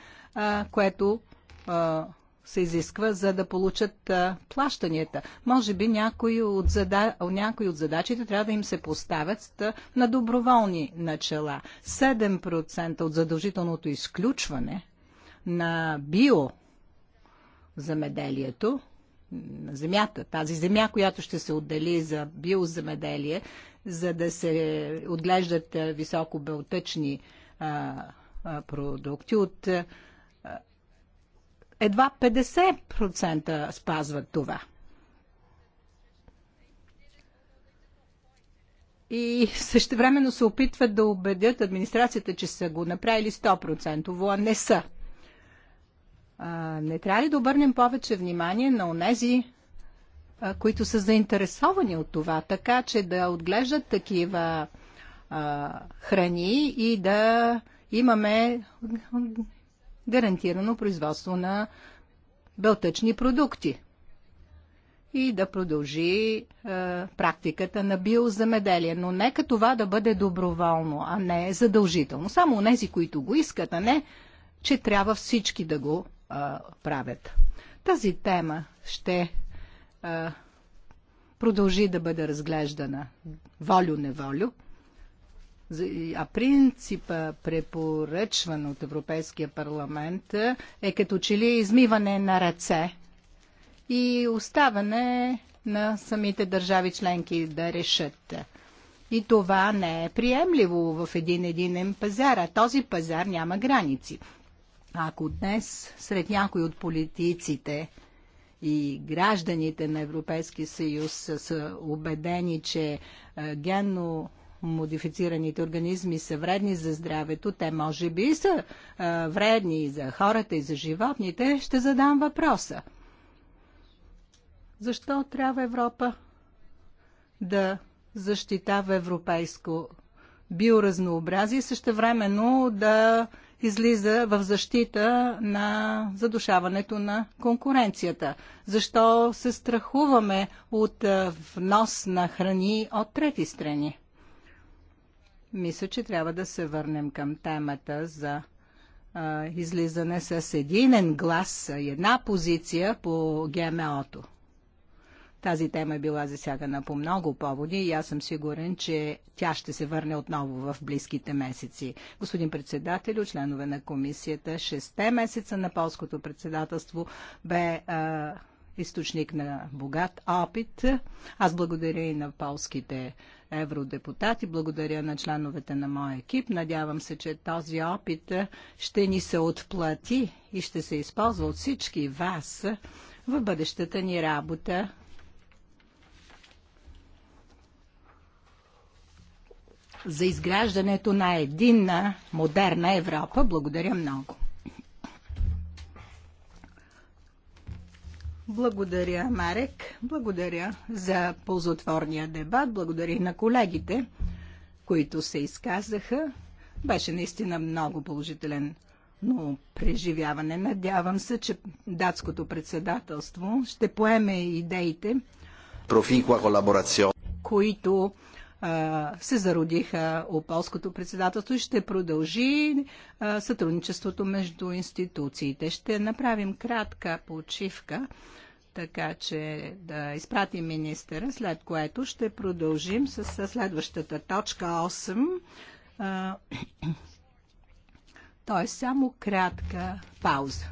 C: което се изисква, за да получат а, плащанията. Може би някои от, зада... някои от задачите трябва да им се поставят а, на доброволни начала. 7% от задължителното изключване на био замеделието, на земята, тази земя, която ще се отдели за биоземеделие, за да се отглеждат високобелтъчни продукти от едва 50% спазват това. И същевременно се опитват да убедят администрацията, че са го направили 100%, а не са. А, не трябва ли да обърнем повече внимание на онези, а, които са заинтересовани от това, така че да отглеждат такива а, храни и да имаме гарантирано производство на белтъчни продукти и да продължи е, практиката на биоземеделие. Но нека това да бъде доброволно, а не задължително. Само нези, които го искат, а не, че трябва всички да го е, правят. Тази тема ще е, продължи да бъде разглеждана волю-неволю а принципа препоръчван от Европейския парламент е като че ли измиване на ръце и оставане на самите държави членки да решат. И това не е приемливо в един единен пазар, а този пазар няма граници. Ако днес сред някои от политиците и гражданите на Европейския съюз са убедени, че генно модифицираните организми са вредни за здравето, те може би са а, вредни и за хората, и за животните, ще задам въпроса. Защо трябва Европа да защитава европейско биоразнообразие, същевременно да излиза в защита на задушаването на конкуренцията? Защо се страхуваме от внос на храни от трети страни? мисля, че трябва да се върнем към темата за а, излизане с единен глас, една позиция по ГМО-то. Тази тема е била засягана по много поводи и аз съм сигурен, че тя ще се върне отново в близките месеци. Господин председател, членове на комисията, шесте месеца на полското председателство бе а, източник на богат опит. Аз благодаря и на полските евродепутати. Благодаря на членовете на моя екип. Надявам се, че този опит ще ни се отплати и ще се използва от всички вас в бъдещата ни работа. за изграждането на единна, модерна Европа. Благодаря много. Благодаря, Марек. Благодаря за ползотворния дебат. Благодаря и на колегите, които се изказаха. Беше наистина много положителен но преживяване. Надявам се, че датското председателство ще поеме идеите, които се зародиха у полското председателство и ще продължи сътрудничеството между институциите. Ще направим кратка почивка, така че да изпратим министъра, след което ще продължим с следващата точка 8. Тоест само кратка пауза.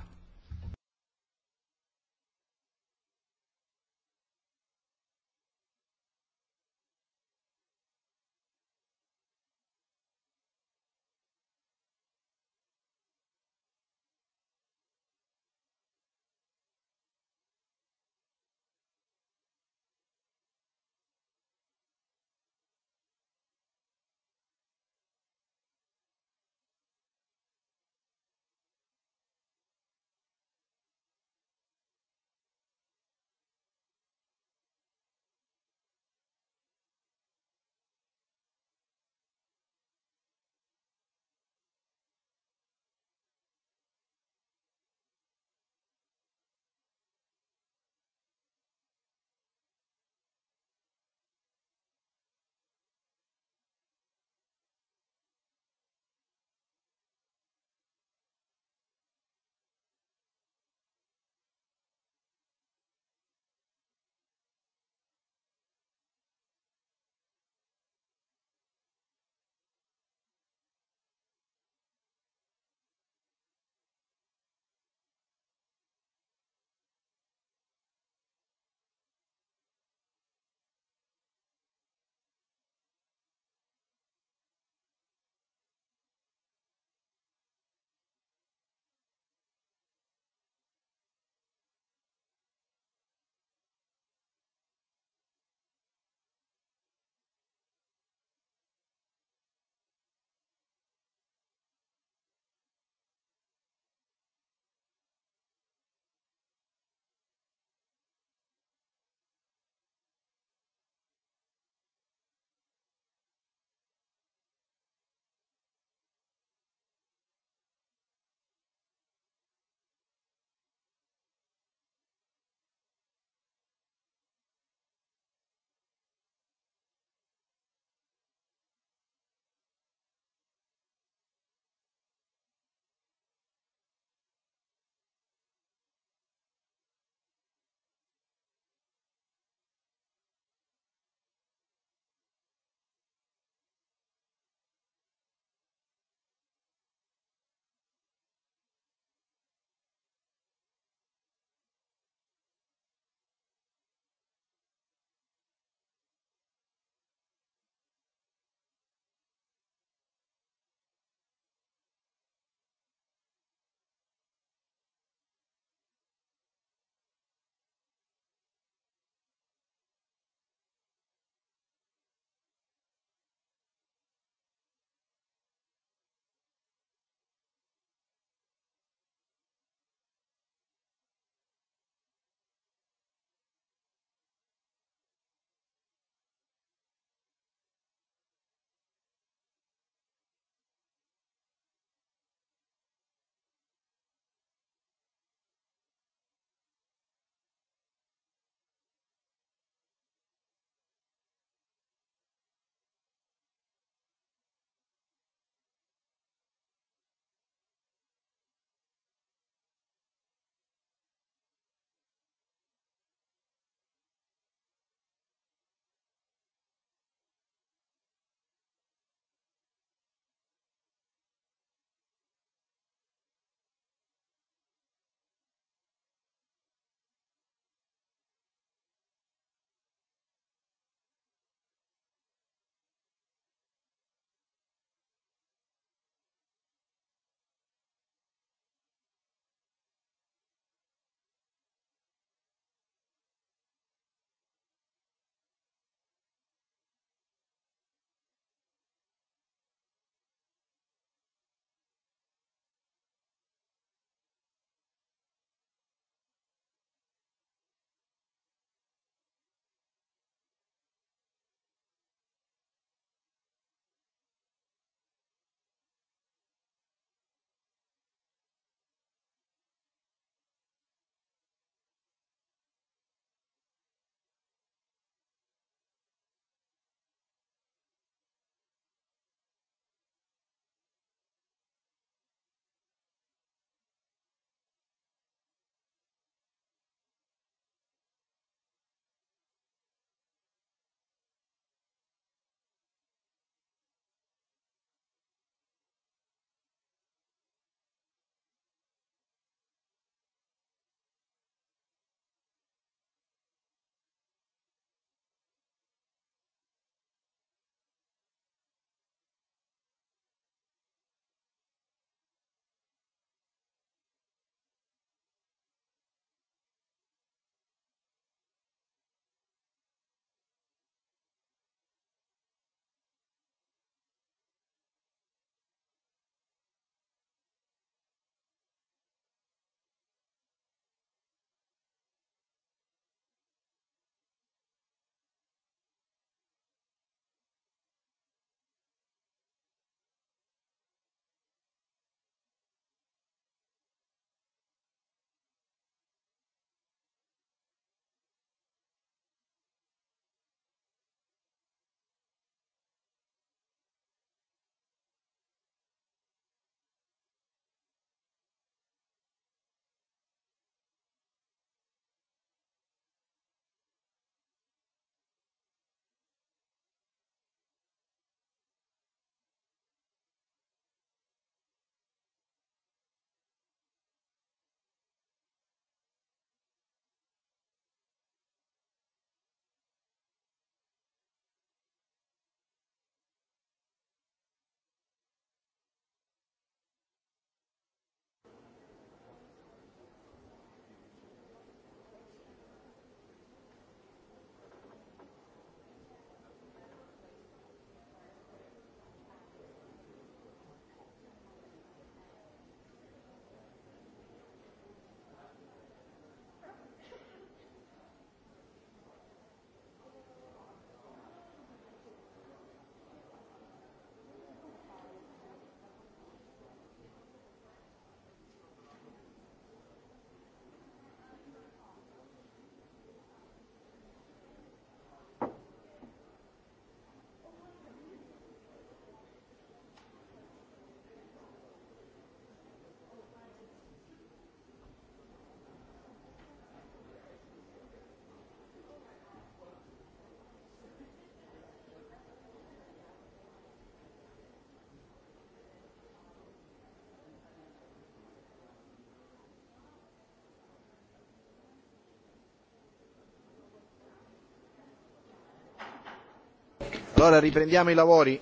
C: Allora riprendiamo i lavori.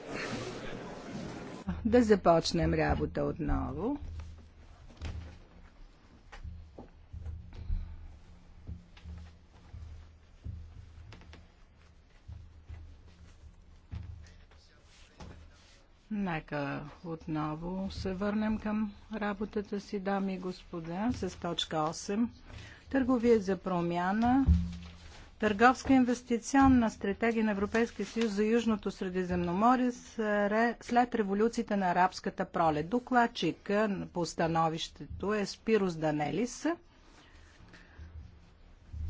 C: Да започнем работа отново. Нека отново се върнем към работата си, дами и господа, с точка 8. Търговия за промяна Търговска инвестиционна стратегия на Европейския съюз за Южното Средиземноморие след революцията на арабската пролет. Докладчик по становището е Спирус Данелис.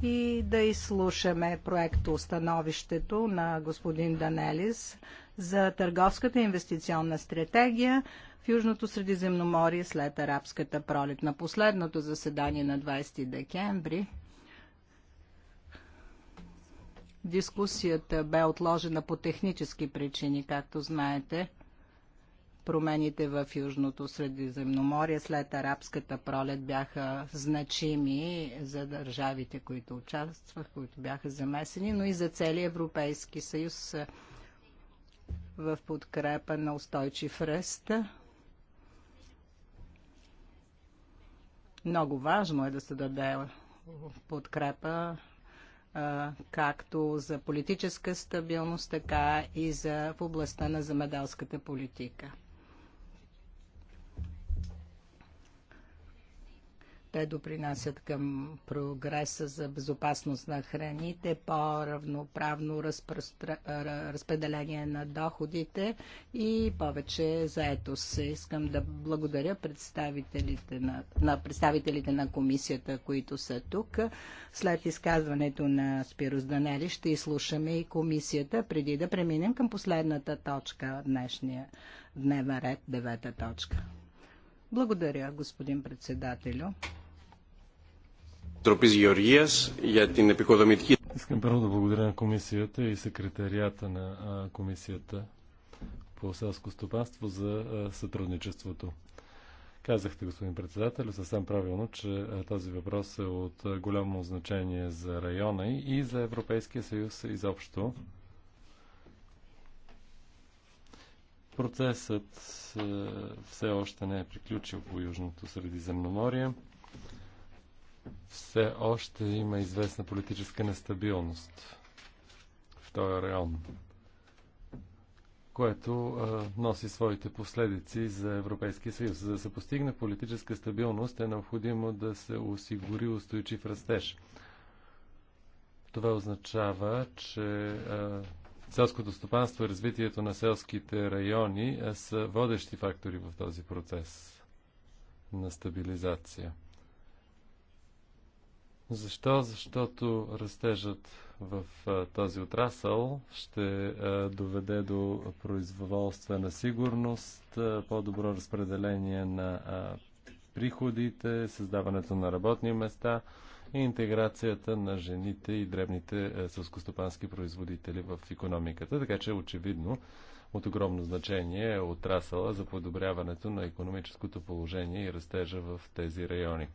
C: И да изслушаме проекто становището на господин Данелис за Търговската инвестиционна стратегия в Южното Средиземноморие след арабската пролет. На последното заседание на 20 декември Дискусията бе отложена по технически причини, както знаете. Промените в Южното Средиземноморие след арабската пролет бяха значими за държавите, които участват, които бяха замесени, но и за целия Европейски съюз в подкрепа на устойчив ръст. Много важно е да се даде подкрепа както за политическа стабилност, така и за в областта на замедалската политика. Те допринасят към прогреса за безопасност на храните, по-равноправно разпростра... разпределение на доходите и повече заетост. Искам да благодаря представителите на, на представителите на комисията, които са тук. След изказването на Спирос Данели ще изслушаме и комисията, преди да преминем към последната точка днешния дневен ред, девета точка. Благодаря, господин председателю.
B: Трупис Георгиас για την επικοδομητική... Искам първо да благодаря на комисията и секретарията на комисията по селско стопанство за сътрудничеството. Казахте, господин председател, съвсем правилно, че този въпрос е от голямо значение за района и за Европейския съюз изобщо. Процесът все още не е приключил по Южното Средиземноморие все още има известна политическа нестабилност в този район, което а, носи своите последици за Европейския съюз. За да се постигне политическа стабилност е необходимо да се осигури устойчив растеж. Това означава, че а, селското стопанство и развитието на селските райони са водещи фактори в този процес на стабилизация. Защо? Защото растежът в този отрасъл ще доведе до производствена сигурност, по-добро разпределение на приходите, създаването на работни места и интеграцията на жените и дребните сълскостопански производители в економиката. Така че очевидно от огромно значение е отрасъла за подобряването на економическото положение и растежа в тези райони.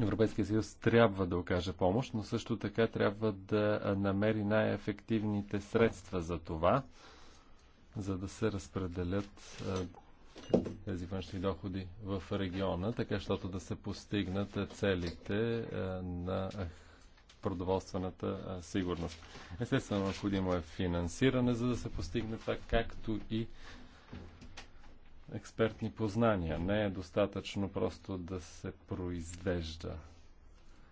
B: Европейския съюз трябва да окаже помощ, но също така трябва да намери най-ефективните средства за това, за да се разпределят тези външни доходи в региона, така щото да се постигнат целите на продоволствената сигурност. Естествено, необходимо е финансиране, за да се постигне това, както и експертни познания. Не е достатъчно просто да се произвежда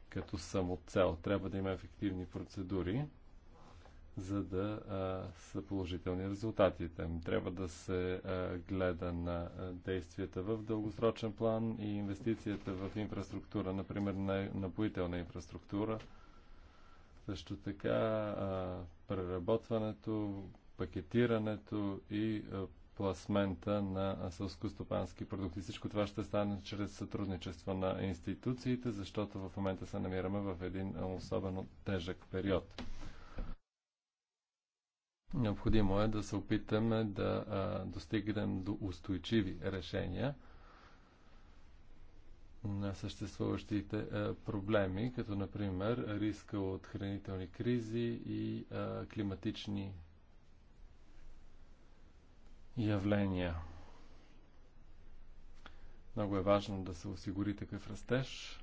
B: като самоцел. Трябва да има ефективни процедури, за да а, са положителни резултатите. Трябва да се а, гледа на действията в дългосрочен план и инвестицията в инфраструктура, например на напоителна инфраструктура. Също така а, преработването, пакетирането и а, пласмента на сълскостопански продукти. Всичко това ще стане чрез сътрудничество на институциите, защото в момента се намираме в един особено тежък период. Необходимо е да се опитаме да а, достигнем до устойчиви решения на съществуващите а, проблеми, като например риска от хранителни кризи и а, климатични явления. Много е важно да се осигури такъв растеж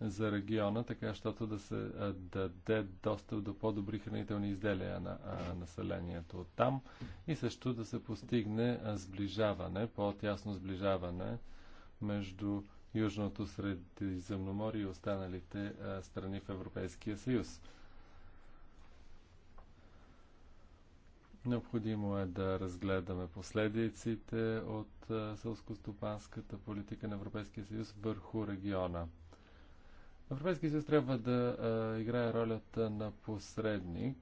B: за региона, така щото да се даде достъп до по-добри хранителни изделия на населението от там и също да се постигне сближаване, по-тясно сближаване между Южното Средиземноморие и останалите страни в Европейския съюз. Необходимо е да разгледаме последиците от сълскостопанската политика на Европейския съюз върху региона. Европейския съюз трябва да а, играе ролята на посредник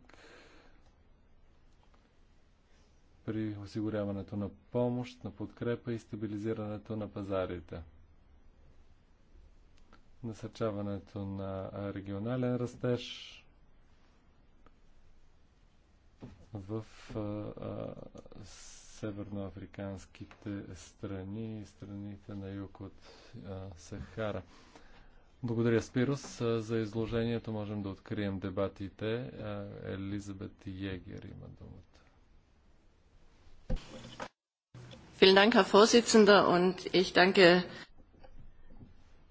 B: при осигуряването на помощ, на подкрепа и стабилизирането на пазарите. Насърчаването на регионален растеж, в а, а, северноафриканските страни и страните на юг от а, Сахара. Благодаря, Спирос, за изложението. Можем да открием дебатите. Елизабет Йегер има думата.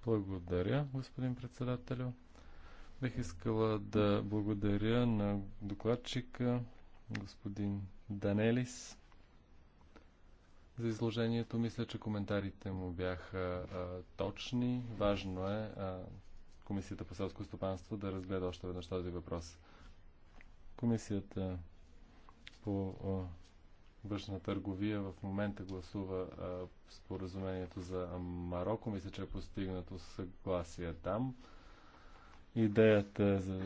B: Благодаря, господин председателю. Бих искала да благодаря на докладчика господин Данелис за изложението. Мисля, че коментарите му бяха а, точни. Важно е а, Комисията по селско стопанство да разгледа още веднъж този въпрос. Комисията по а, външна търговия в момента гласува а, споразумението за Марокко. Мисля, че е постигнато съгласие там. Идеята за,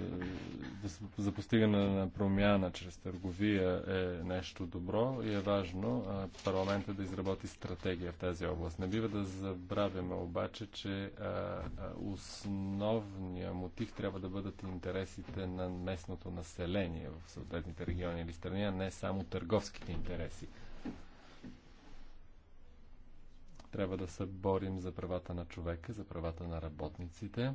B: за постигане на промяна чрез търговия е нещо добро и е важно парламента да изработи стратегия в тази област. Не бива да забравяме обаче, че основният мотив трябва да бъдат интересите на местното население в съответните региони или страни, а не само търговските интереси трябва да се борим за правата на човека, за правата на работниците,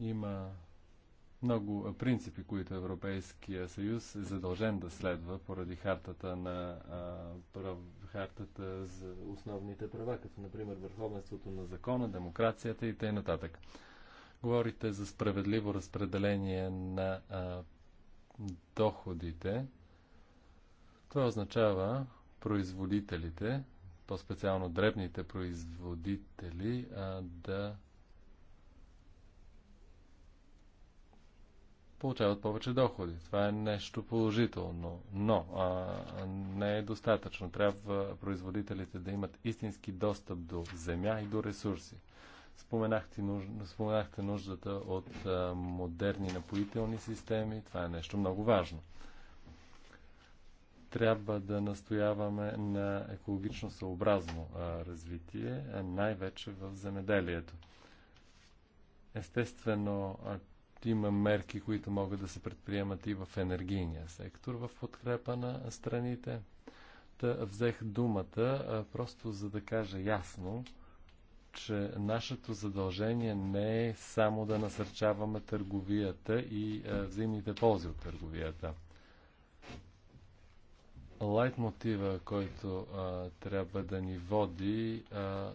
B: Има много принципи, които Европейския съюз е задължен да следва поради хартата на а, прав, хартата за основните права, като например върховенството на закона, демокрацията и т.н. Говорите за справедливо разпределение на а, доходите. Това означава производителите, по-специално дребните производители, а, да получават повече доходи. Това е нещо положително, но а, не е достатъчно. Трябва производителите да имат истински достъп до земя и до ресурси. Споменахте, нуж... Споменахте нуждата от а, модерни напоителни системи. Това е нещо много важно. Трябва да настояваме на екологично съобразно а, развитие, най-вече в земеделието. Естествено, има мерки, които могат да се предприемат и в енергийния сектор в подкрепа на страните. Та взех думата просто за да кажа ясно, че нашето задължение не е само да насърчаваме търговията и взаимните ползи от търговията. Лайт мотива, който а, трябва да ни води, а,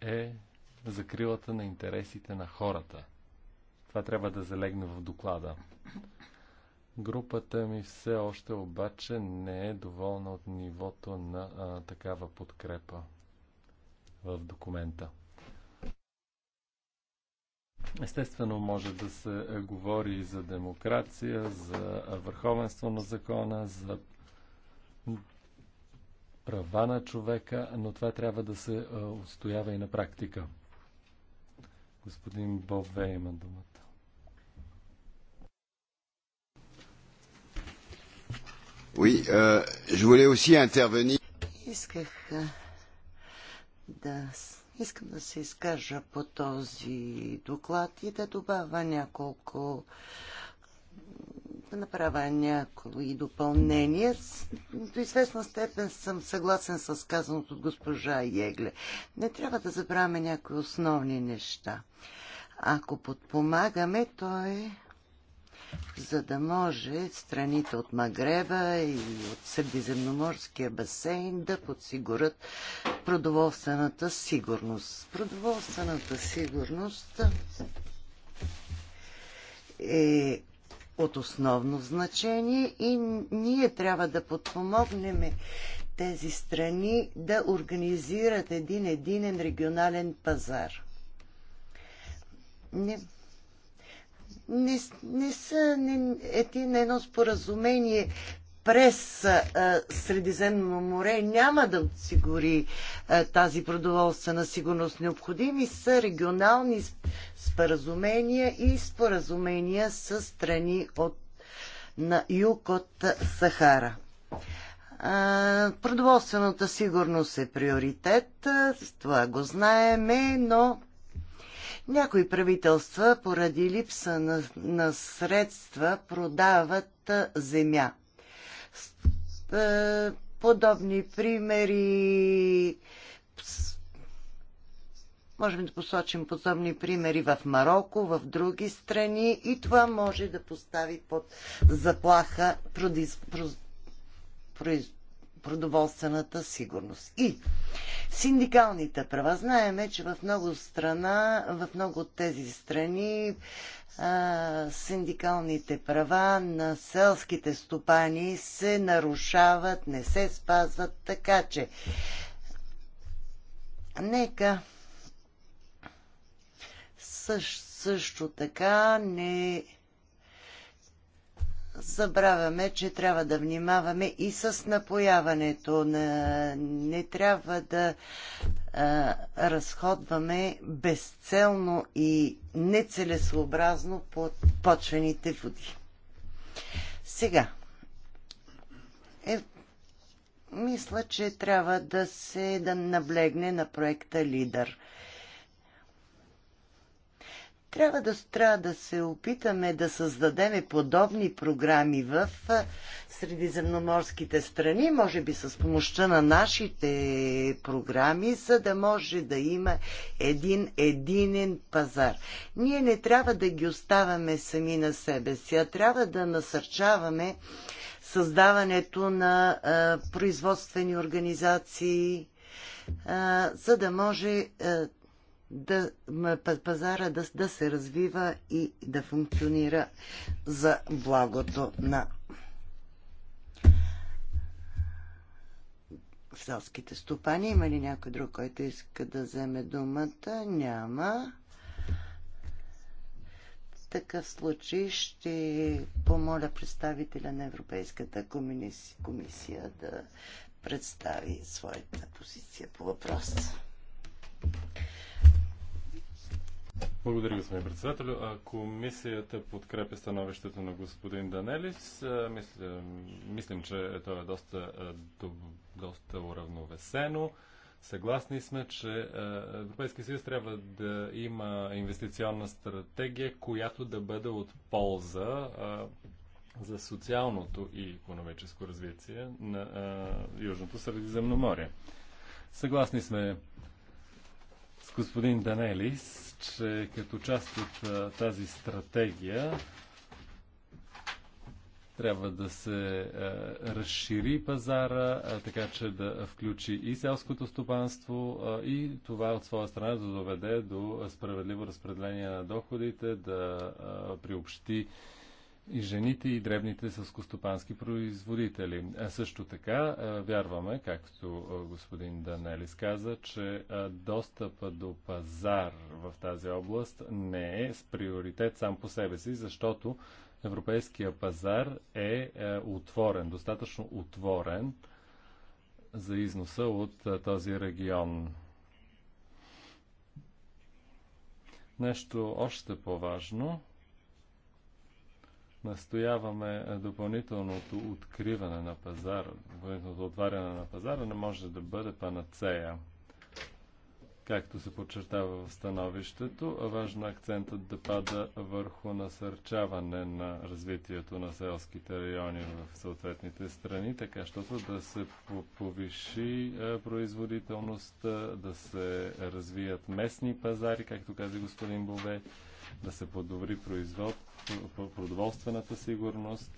B: е закрилата на интересите на хората – това трябва да залегне в доклада. Групата ми все още обаче не е доволна от нивото на а, такава подкрепа в документа. Естествено може да се говори за демокрация, за върховенство на закона, за права на човека, но това трябва да се отстоява и на практика. Господин Бове има думата.
C: Oui, euh, je voulais aussi intervenir.
A: Исках да, искам да се изкажа по този доклад и да добавя няколко да направя някои допълнения. До известна степен съм съгласен с казаното от госпожа Егле. Не трябва да забравяме някои основни неща. Ако подпомагаме, то е за да може страните от Магреба и от Средиземноморския басейн да подсигурят продоволствената сигурност. Продоволствената сигурност е от основно значение и ние трябва да подпомогнем тези страни да организират един единен регионален пазар. Не, не, не са не, е, на едно споразумение през а, Средиземно море няма да осигури тази продоволствена сигурност. Необходими са регионални споразумения и споразумения с страни от, на юг от Сахара. А, продоволствената сигурност е приоритет, това го знаеме, но някои правителства поради липса на, на средства продават земя. Подобни примери Можем да посочим подобни примери в Марокко, в други страни и това може да постави под заплаха произ... Произ продоволствената сигурност. И синдикалните права. Знаеме, че в много страна, в много от тези страни а, синдикалните права на селските стопани се нарушават, не се спазват, така че нека също, също така не забравяме, че трябва да внимаваме и с напояването. Не трябва да а, разходваме безцелно и нецелесообразно под почвените води. Сега, е, мисля, че трябва да се да наблегне на проекта Лидър. Трябва да, трябва да се опитаме да създадеме подобни програми в средиземноморските страни, може би с помощта на нашите програми, за да може да има един единен пазар. Ние не трябва да ги оставаме сами на себе си, а трябва да насърчаваме създаването на а, производствени организации, а, за да може а, да, пазара да, да се развива и да функционира за благото на селските стопани. Има ли някой друг, който иска да вземе думата? Няма. В такъв случай ще помоля представителя на Европейската комисия да представи своята позиция по въпроса.
B: Благодаря, господин председател. Комисията подкрепя становището на господин Данелис. Мисля, мислим, че то е доста, доста уравновесено. Съгласни сме, че Европейския съюз трябва да има инвестиционна стратегия, която да бъде от полза за социалното и економическо развитие на Южното Средиземноморие. Съгласни сме с господин Данелис, че като част от тази стратегия трябва да се а, разшири пазара, а, така че да включи и селското стопанство а, и това от своя страна да доведе до справедливо разпределение на доходите, да а, приобщи и жените и дребните съскостопански производители. А също така вярваме, както господин Данелис каза, че достъпа до пазар в тази област не е с приоритет сам по себе си, защото европейския пазар е, е отворен, достатъчно отворен за износа от този регион. Нещо още по-важно – настояваме е, допълнителното откриване на пазара, допълнителното отваряне на пазара не може да бъде панацея. Както се подчертава в становището, важно е акцентът да пада върху насърчаване на развитието на селските райони в съответните страни, така щото да се повиши е, производителността, да се развият местни пазари, както каза господин Бове, да се подобри производ, продоволствената сигурност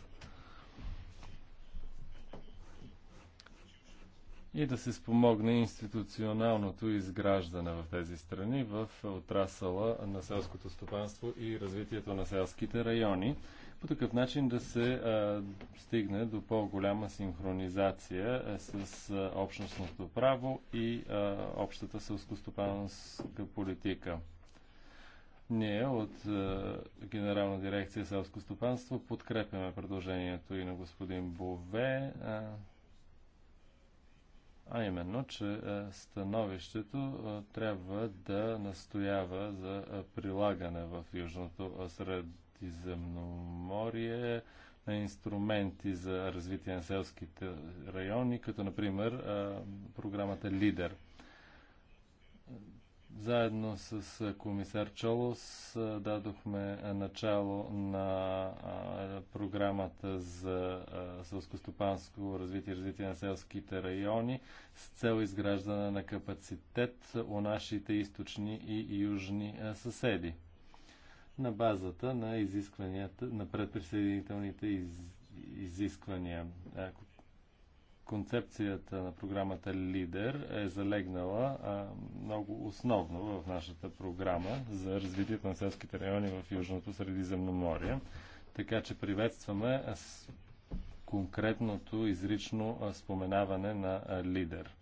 B: и да се спомогне институционалното изграждане в тези страни в отрасъла на селското стопанство и развитието на селските райони. По такъв начин да се а, стигне до по-голяма синхронизация с а, общностното право и а, общата селскостопанска политика. Ние от е, Генерална дирекция селско стопанство подкрепяме предложението и на господин Бове, е, а именно, че е, становището трябва да настоява за прилагане в Южното Средиземноморие на инструменти за развитие на селските райони, като например програмата Лидер – заедно с комисар Чолос дадохме начало на програмата за сълскостопанско развитие и развитие на селските райони с цел изграждане на капацитет у нашите източни и южни съседи на базата на изискванията, на предприсъединителните изисквания концепцията на програмата Лидер е залегнала а, много основно в нашата програма за развитието на селските райони в Южното Средиземноморие. Така че приветстваме конкретното изрично споменаване на Лидер.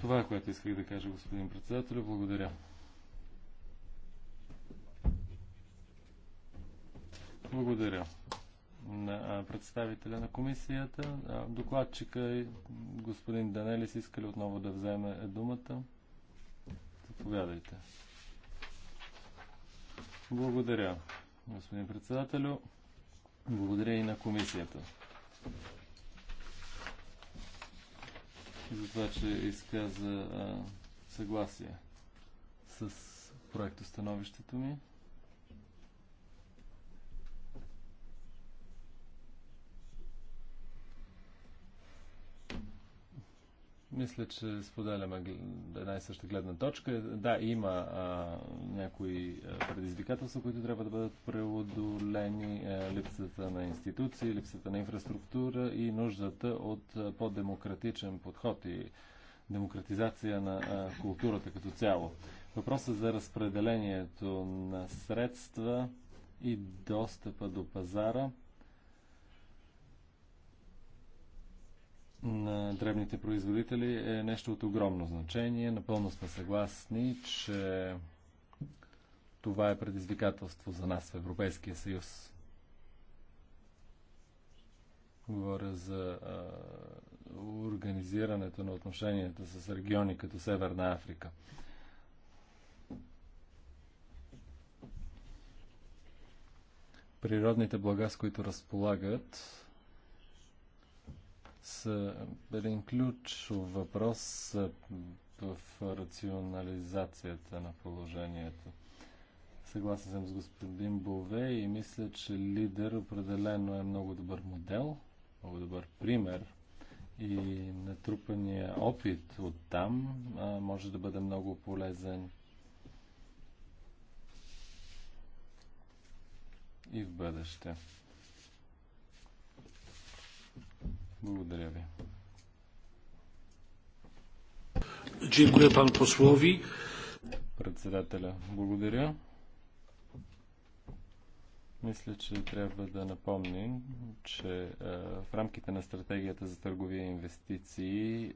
B: Това е което исках да кажа, господин председател. Благодаря. Благодаря на представителя на комисията. Докладчика и е господин Данелис иска ли отново да вземе думата? Заповядайте. Благодаря, господин председателю. Благодаря и на комисията. За това, че изказа съгласие с становището ми. Мисля, че споделяме една и съща гледна точка. Да, има а, някои предизвикателства, които трябва да бъдат преодолени. Липсата на институции, липсата на инфраструктура и нуждата от по-демократичен подход и демократизация на а, културата като цяло. Въпросът за разпределението на средства и достъпа до пазара – на дребните производители е нещо от огромно значение. Напълно сме съгласни, че това е предизвикателство за нас в Европейския съюз. Говоря за а, организирането на отношенията с региони като Северна Африка. Природните блага, с които разполагат, с един ключов въпрос в рационализацията на положението. Съгласен съм с господин Бове и мисля, че лидер определено е много добър модел, много добър пример и натрупания опит от там може да бъде много полезен и в бъдеще. Благодаря ви. Dziękuję пан posłowi. Председателя, благодаря. Мисля, че трябва да напомним, че е, в рамките на стратегията за търговия и инвестиции е,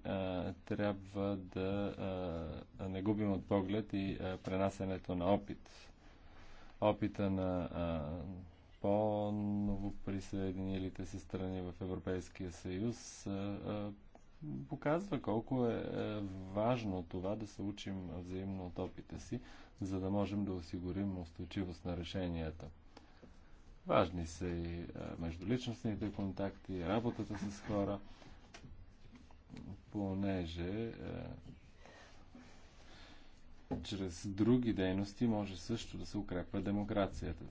B: трябва да е, не губим от поглед и пренасенето на опит. Опита на по-новоприсъединилите се страни в Европейския съюз показва колко е, е важно това да се учим взаимно от опита си, за да можем да осигурим устойчивост на решенията. Важни са и междуличностните контакти, работата с хора, понеже е, чрез други дейности може също да се укрепва демокрацията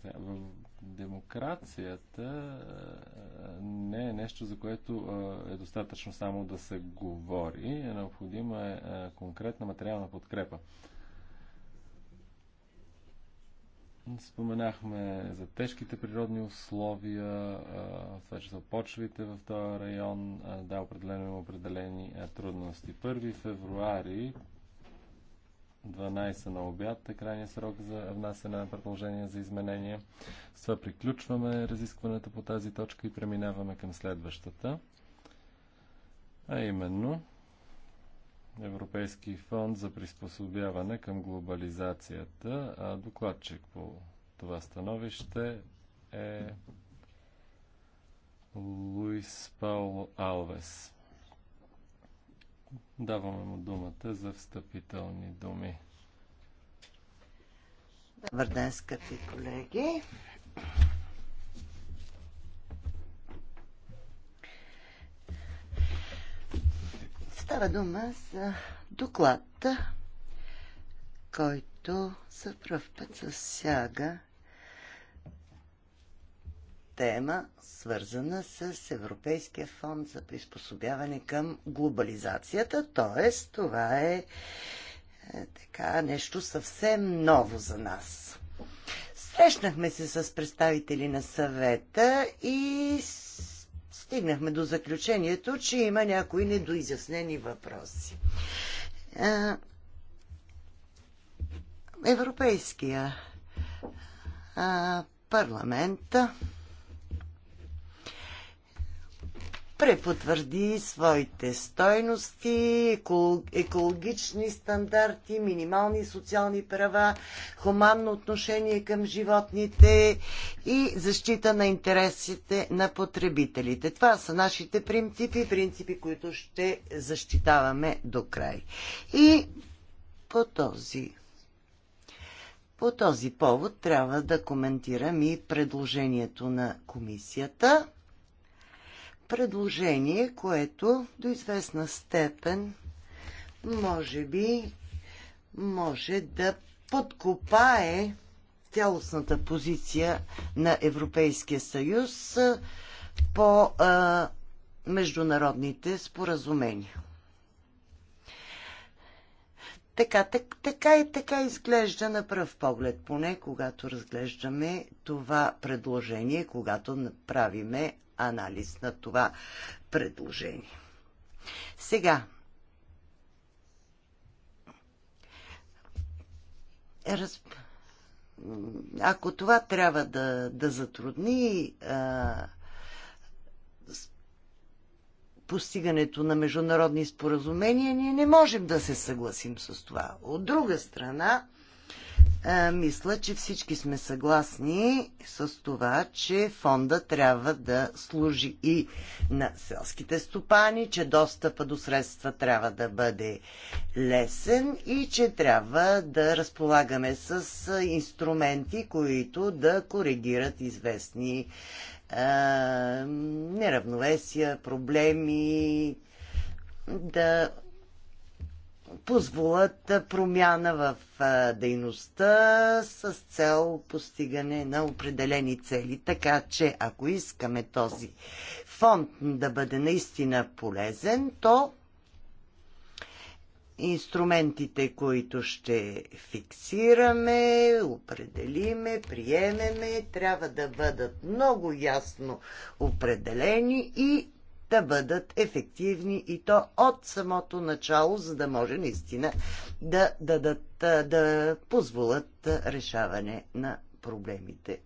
B: демокрацията е, не е нещо, за което е, е достатъчно само да се говори. Е необходима е, е конкретна материална подкрепа. Споменахме за тежките природни условия, това, че са почвите в този район, да, определено има определени трудности. 1 февруари 12 на обяд е крайния срок за внасяне на предложения за изменения. С това приключваме разискването по тази точка и преминаваме към следващата. А именно Европейски фонд за приспособяване към глобализацията. А докладчик по това становище е Луис Пауло Алвес. Даваме му думата за встъпителни думи.
A: Добър ден, скъпи колеги! Става дума за доклад, който за първ път засяга тема, свързана с Европейския фонд за приспособяване към глобализацията, т.е. това е, е така нещо съвсем ново за нас. Срещнахме се с представители на съвета и стигнахме до заключението, че има някои недоизяснени въпроси. Е, Европейския е, парламент препотвърди своите стойности, екологични стандарти, минимални социални права, хуманно отношение към животните и защита на интересите на потребителите. Това са нашите принципи, принципи, които ще защитаваме до край. И по този по този повод трябва да коментирам и предложението на комисията предложение, което до известна степен може би може да подкопае цялостната позиция на Европейския съюз по а, международните споразумения. Така, так, така и така изглежда на пръв поглед, поне когато разглеждаме това предложение, когато направиме анализ на това предложение. Сега, раз... ако това трябва да, да затрудни а, постигането на международни споразумения, ние не можем да се съгласим с това. От друга страна, а, е, мисля, че всички сме съгласни с това, че фонда трябва да служи и на селските стопани, че достъпа до средства трябва да бъде лесен и че трябва да разполагаме с инструменти, които да коригират известни а, е, неравновесия, проблеми, да позволят промяна в дейността с цел постигане на определени цели. Така че, ако искаме този фонд да бъде наистина полезен, то инструментите, които ще фиксираме, определиме, приемеме, трябва да бъдат много ясно определени и да бъдат ефективни и то от самото начало, за да може наистина да, да, да позволят решаване на проблемите,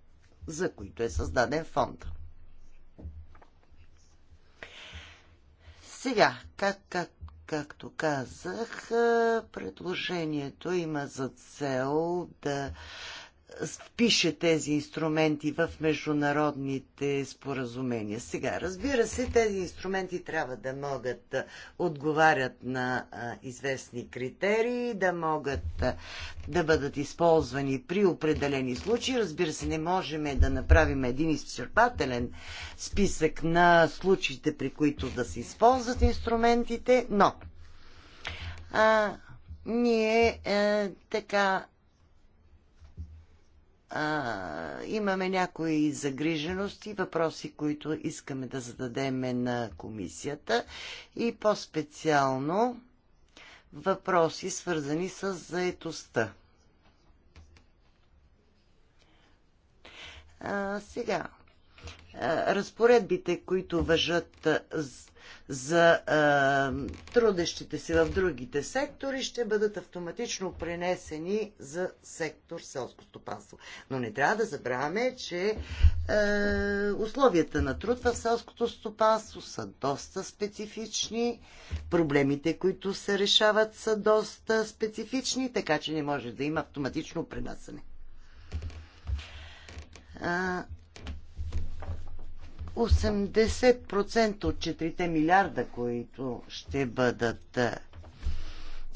A: за които е създаден фонд. Сега, как, как, както казах, предложението има за цел да впише тези инструменти в международните споразумения. Сега, разбира се, тези инструменти трябва да могат да отговарят на а, известни критерии, да могат а, да бъдат използвани при определени случаи. Разбира се, не можем да направим един изчерпателен списък на случаите, при които да се използват инструментите, но а, ние а, е, така а, имаме някои загрижености, въпроси, които искаме да зададеме на комисията и по-специално въпроси, свързани с заетостта. А, сега, разпоредбите, които въжат за а, трудещите си в другите сектори, ще бъдат автоматично пренесени за сектор селско стопанство. Но не трябва да забравяме, че а, условията на труд в селското стопанство са доста специфични, проблемите, които се решават, са доста специфични, така че не може да има автоматично пренасене. 80% от 4 милиарда, които ще бъдат е,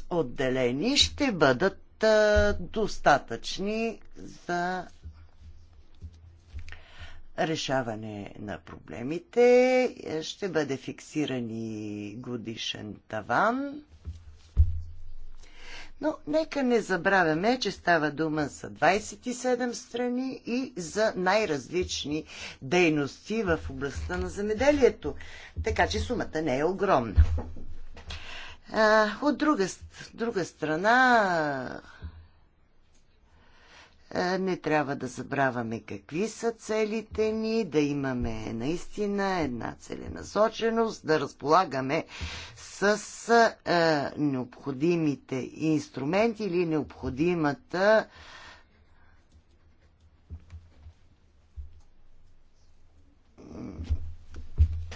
A: отделени, ще бъдат е, достатъчни за решаване на проблемите. Е, ще бъде фиксирани годишен таван но нека не забравяме, че става дума за 27 страни и за най-различни дейности в областта на земеделието. Така че сумата не е огромна. От друга, друга страна, е, не трябва да забравяме какви са целите ни, да имаме наистина една целенасоченост, да разполагаме с а, е, необходимите инструменти или необходимата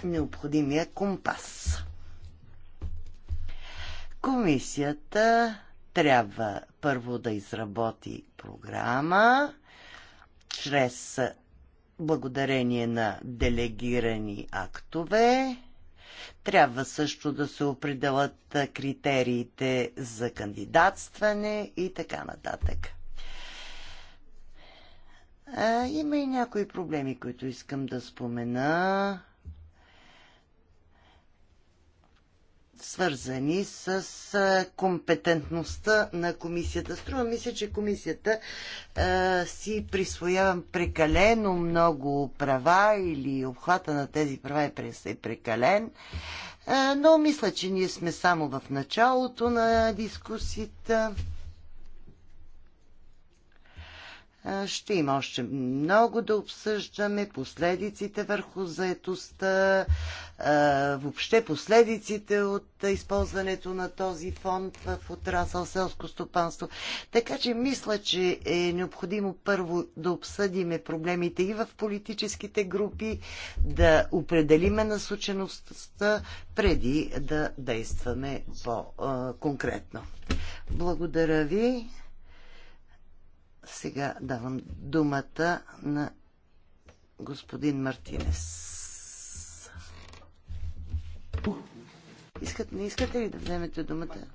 A: необходимия компас. Комисията трябва първо да изработи програма чрез благодарение на делегирани актове. Трябва също да се определят критериите за кандидатстване и така нататък. има и някои проблеми, които искам да спомена. свързани с компетентността на комисията. Струва ми се, че комисията а, си присвоява прекалено много права или обхвата на тези права е, е прекален. А, но мисля, че ние сме само в началото на дискусията. Ще има още много да обсъждаме последиците върху заетостта, въобще последиците от използването на този фонд в отрасъл селско стопанство. Така че мисля, че е необходимо първо да обсъдиме проблемите и в политическите групи, да определиме насочеността преди да действаме по-конкретно. Благодаря ви. Сега давам думата на господин Мартинес. Искат, не искате ли да вземете думата?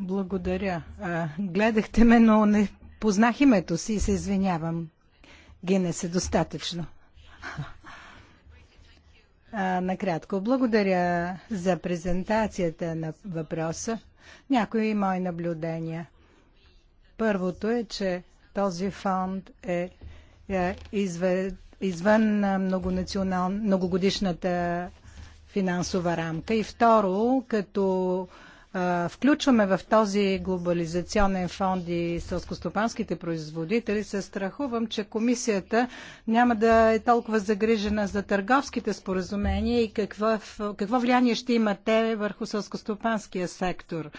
C: Благодаря. А, гледахте ме, но не познах името си и се извинявам. Гене се достатъчно. А, накратко, благодаря за презентацията на въпроса. Някои мои наблюдения. Първото е, че този фонд е, е извед, извън многогодишната финансова рамка. И второ, като включваме в този глобализационен фонд и сълскостопанските производители, се страхувам, че комисията няма да е толкова загрижена за търговските споразумения и какво, какво влияние ще има те върху сълскостопанския сектор.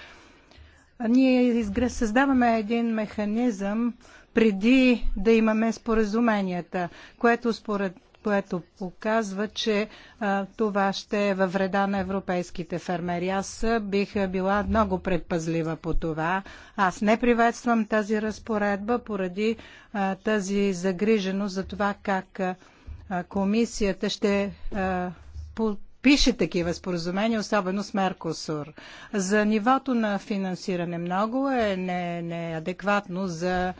C: Ние създаваме един механизъм преди да имаме споразуменията, което според което показва, че а, това ще е във вреда на европейските фермери. Аз бих била много предпазлива по това. Аз не приветствам тази разпоредба поради а, тази загриженост за това как а, комисията ще а, по пише такива споразумения, особено с Меркосур. За нивото на финансиране много е неадекватно не за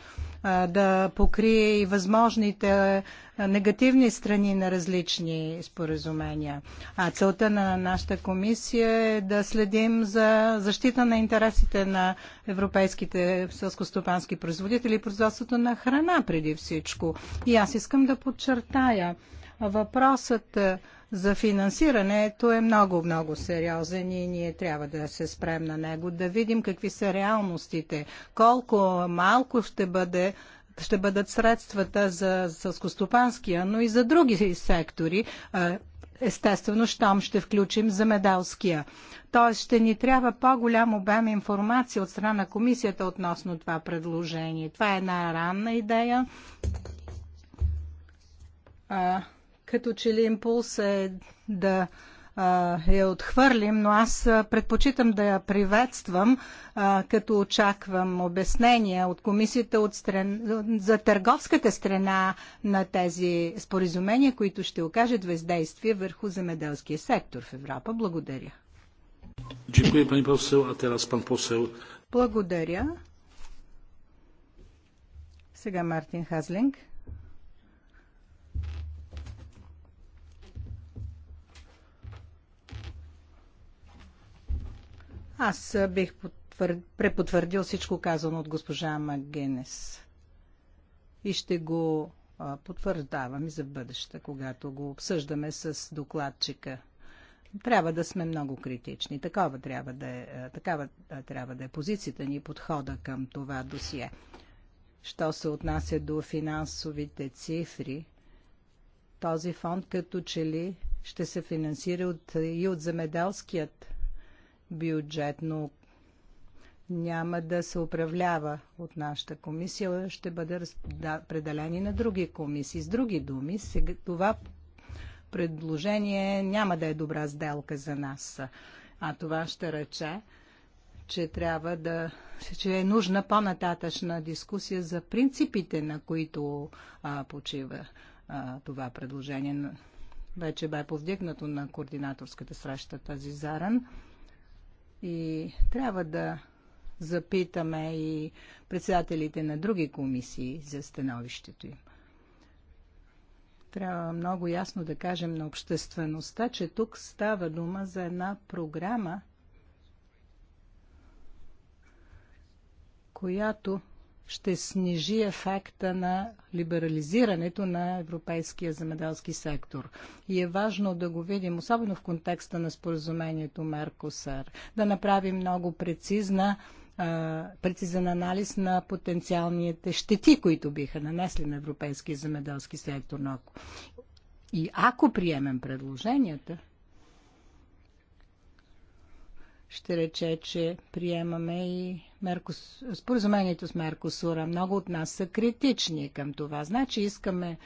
C: да покрие и възможните негативни страни на различни споразумения. А целта на нашата комисия е да следим за защита на интересите на европейските сълскостопански производители и производството на храна преди всичко. И аз искам да подчертая въпросът за финансирането е много-много сериозен и ние трябва да се спрем на него, да видим какви са реалностите, колко малко ще бъде ще бъдат средствата за сълскостопанския, но и за други сектори, естествено, щом ще включим за медалския. Тоест ще ни трябва по-голям обем информация от страна на комисията относно това предложение. Това е една ранна идея като че ли импулс е да я отхвърлим, но аз предпочитам да я приветствам, като очаквам обяснения от комисията от стран... за търговската страна на тези споразумения, които ще окажат въздействие върху земеделския сектор в Европа. Благодаря. Благодаря. Сега Мартин Хазлинг. Аз бих потвър... препотвърдил всичко казано от госпожа Магенес. И ще го потвърждавам и за бъдеще, когато го обсъждаме с докладчика. Трябва да сме много критични. Такова трябва да е, такава трябва да е позицията ни, подхода към това досие. Що се отнася до финансовите цифри, този фонд като че ли ще се финансира от, и от замеделският бюджетно няма да се управлява от нашата комисия, ще бъде разпределени на други комисии. С други думи, сега, това предложение няма да е добра сделка за нас. А това ще рече, че трябва да че е нужна по-нататъчна дискусия за принципите, на които а, почива а, това предложение. Вече бе повдигнато на координаторската среща тази заран. И трябва да запитаме и председателите на други комисии за становището им. Трябва много ясно да кажем на обществеността, че тук става дума за една програма, която ще снижи ефекта на либерализирането на европейския земеделски сектор. И е важно да го видим, особено в контекста на споразумението Меркосър, да направим много прецизна прецизен анализ на потенциалните щети, които биха нанесли на европейския земеделски сектор. и ако приемем предложенията, ще рече, че приемаме и Меркос... споразумението с Меркосура. Много от нас са критични към това. Значи искаме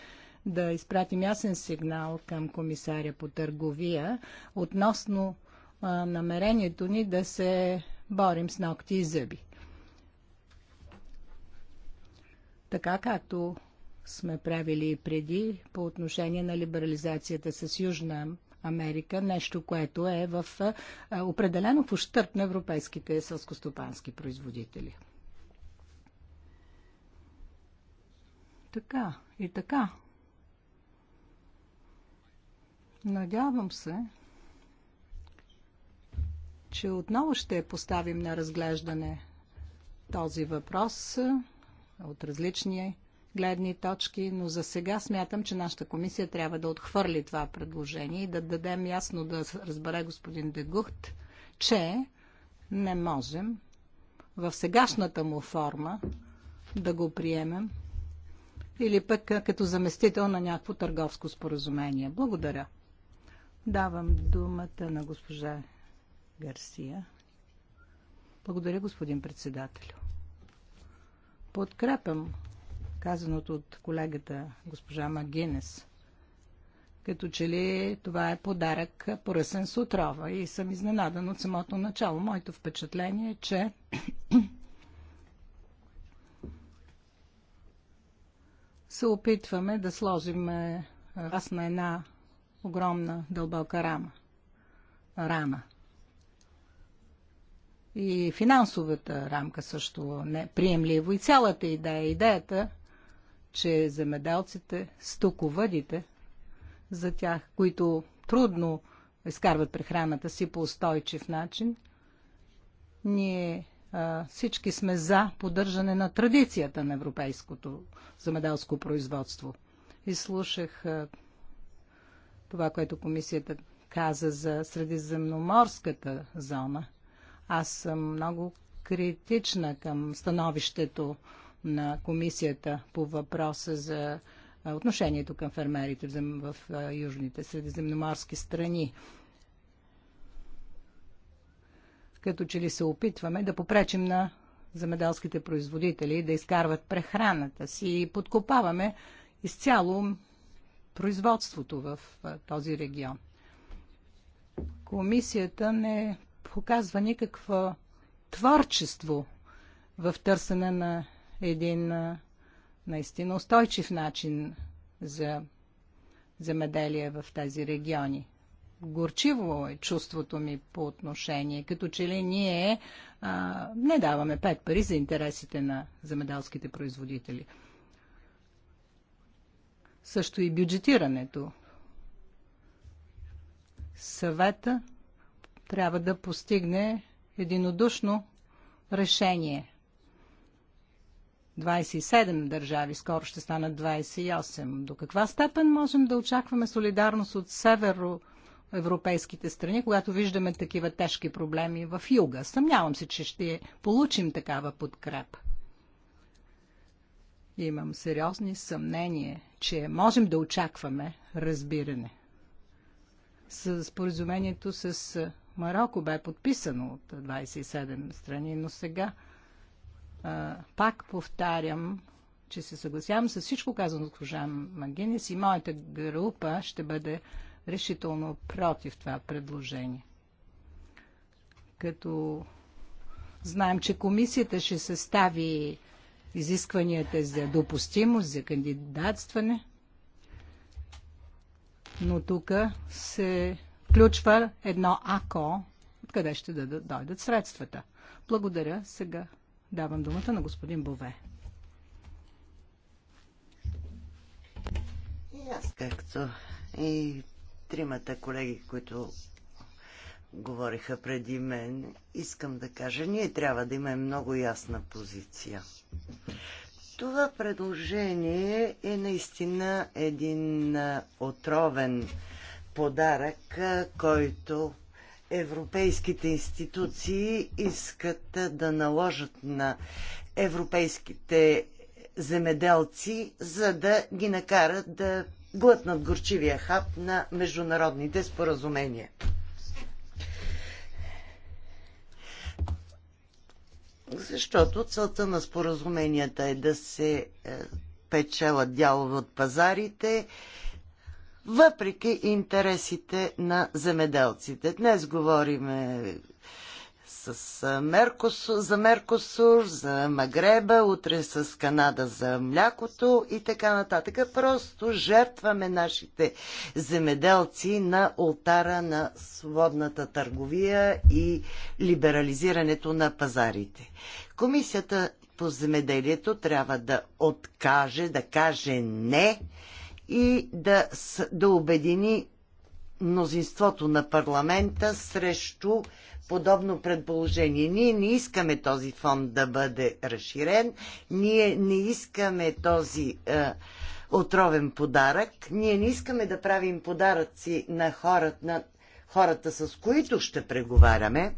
C: да изпратим ясен сигнал към комисаря по търговия относно а, намерението ни да се борим с ногти и зъби. Така както сме правили и преди по отношение на либерализацията с Южна Америка, нещо, което е в, определено в ущърп на европейските сълскостопански производители. Така и така. Надявам се, че отново ще поставим на разглеждане този въпрос от различния гледни точки, но за сега смятам, че нашата комисия трябва да отхвърли това предложение и да дадем ясно да разбере господин Дегухт, че не можем в сегашната му форма да го приемем или пък като заместител на някакво търговско споразумение. Благодаря. Давам думата на госпожа Гарсия. Благодаря, господин председател. Подкрепям казаното от колегата госпожа Магинес. Като че ли това е подарък поръсен с отрова и съм изненадан от самото начало. Моето впечатление е, че се опитваме да сложим е, аз на една огромна дълбока рама. Рана. И финансовата рамка също е не приемливо. И цялата идея, идеята че земеделците, стоковъдите, за тях, които трудно изкарват прехраната си по устойчив начин, ние а, всички сме за поддържане на традицията на европейското земеделско производство. И слушах а, това, което комисията каза за средиземноморската зона. Аз съм много критична към становището на комисията по въпроса за отношението към фермерите в южните средиземноморски страни. Като че ли се опитваме да попречим на земеделските производители да изкарват прехраната си и подкопаваме изцяло производството в този регион. Комисията не показва никакво творчество в търсене на един наистина устойчив начин за земеделие в тези региони. Горчиво е чувството ми по отношение, като че ли ние а, не даваме пет пари за интересите на земеделските производители. Също и бюджетирането. Съвета трябва да постигне единодушно решение – 27 държави, скоро ще станат 28. До каква степен можем да очакваме солидарност от североевропейските страни, когато виждаме такива тежки проблеми в юга? Съмнявам се, че ще получим такава подкрепа. Имам сериозни съмнения, че можем да очакваме разбиране. Споразумението с Марокко бе подписано от 27 страни, но сега а, пак повтарям, че се съгласявам с всичко казано от госпожа Магинес и моята група ще бъде решително против това предложение. Като знаем, че комисията ще състави изискванията за допустимост, за кандидатстване, но тук се включва едно ако, откъде ще дойдат средствата. Благодаря сега. Давам думата на господин Бове.
A: И аз, както и тримата колеги, които говориха преди мен, искам да кажа, ние трябва да имаме много ясна позиция. Това предложение е наистина един отровен подарък, който европейските институции искат да наложат на европейските земеделци, за да ги накарат да глътнат горчивия хап на международните споразумения. Защото целта на споразуменията е да се е, печелят дялове от пазарите въпреки интересите на земеделците. Днес говорим с Меркос, за Меркосур, за Магреба, утре с Канада за млякото и така нататък. Просто жертваме нашите земеделци на ултара на свободната търговия и либерализирането на пазарите. Комисията по земеделието трябва да откаже, да каже не и да, да обедини мнозинството на парламента срещу подобно предположение. Ние не искаме този фонд да бъде разширен, ние не искаме този е, отровен подарък, ние не искаме да правим подаръци на хората, на хората с които ще преговаряме,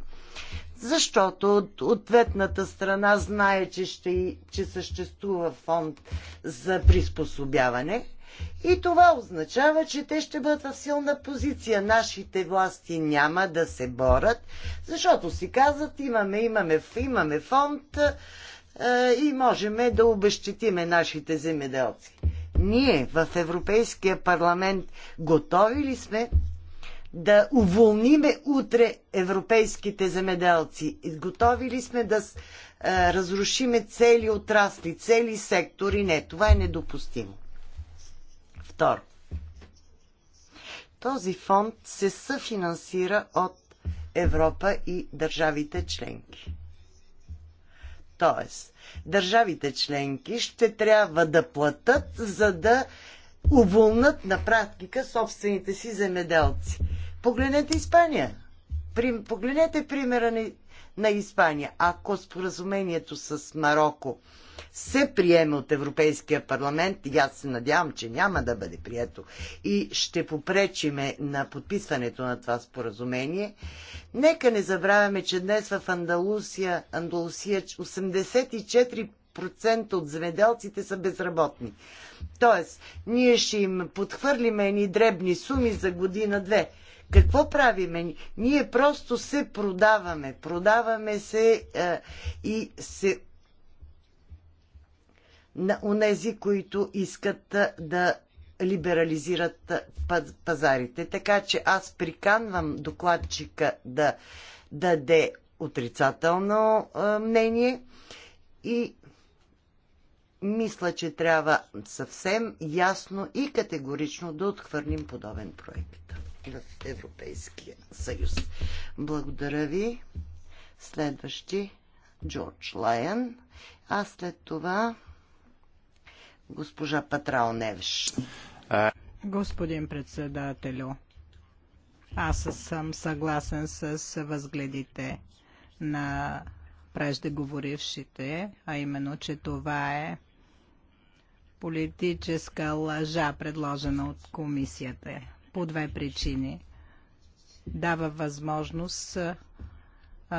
A: защото от ответната страна знае, че, ще, че съществува фонд за приспособяване – и това означава, че те ще бъдат в силна позиция. Нашите власти няма да се борят, защото си казват, имаме, имаме, имаме фонд е, и можем да обещетиме нашите земеделци. Ние в Европейския парламент готови ли сме да уволниме утре европейските земеделци? Готови ли сме да е, разрушиме цели отрасли, цели сектори? Не, това е недопустимо. Второ, този фонд се съфинансира от Европа и държавите членки. Тоест, държавите членки ще трябва да платят, за да уволнат на практика собствените си земеделци. Погледнете Испания. погледнете примера на, на Испания. Ако споразумението с Марокко се приеме от Европейския парламент, и аз се надявам, че няма да бъде прието, и ще попречиме на подписването на това споразумение, нека не забравяме, че днес в Андалусия, Андалусия 84% от земеделците са безработни. Тоест, ние ще им подхвърлиме едни дребни суми за година-две. Какво правиме? Ние просто се продаваме. Продаваме се е, и се на онези, които искат да либерализират пазарите. Така че аз приканвам докладчика да даде отрицателно мнение и мисля, че трябва съвсем ясно и категорично да отхвърним подобен проект в Европейския съюз. Благодаря ви. Следващи Джордж
C: Лайън, а след това
A: Госпожа Патрал Невиш.
C: Господин председателю, аз съм съгласен с възгледите на преждеговорившите, а именно, че това е политическа лъжа, предложена от комисията. По две причини. Дава възможност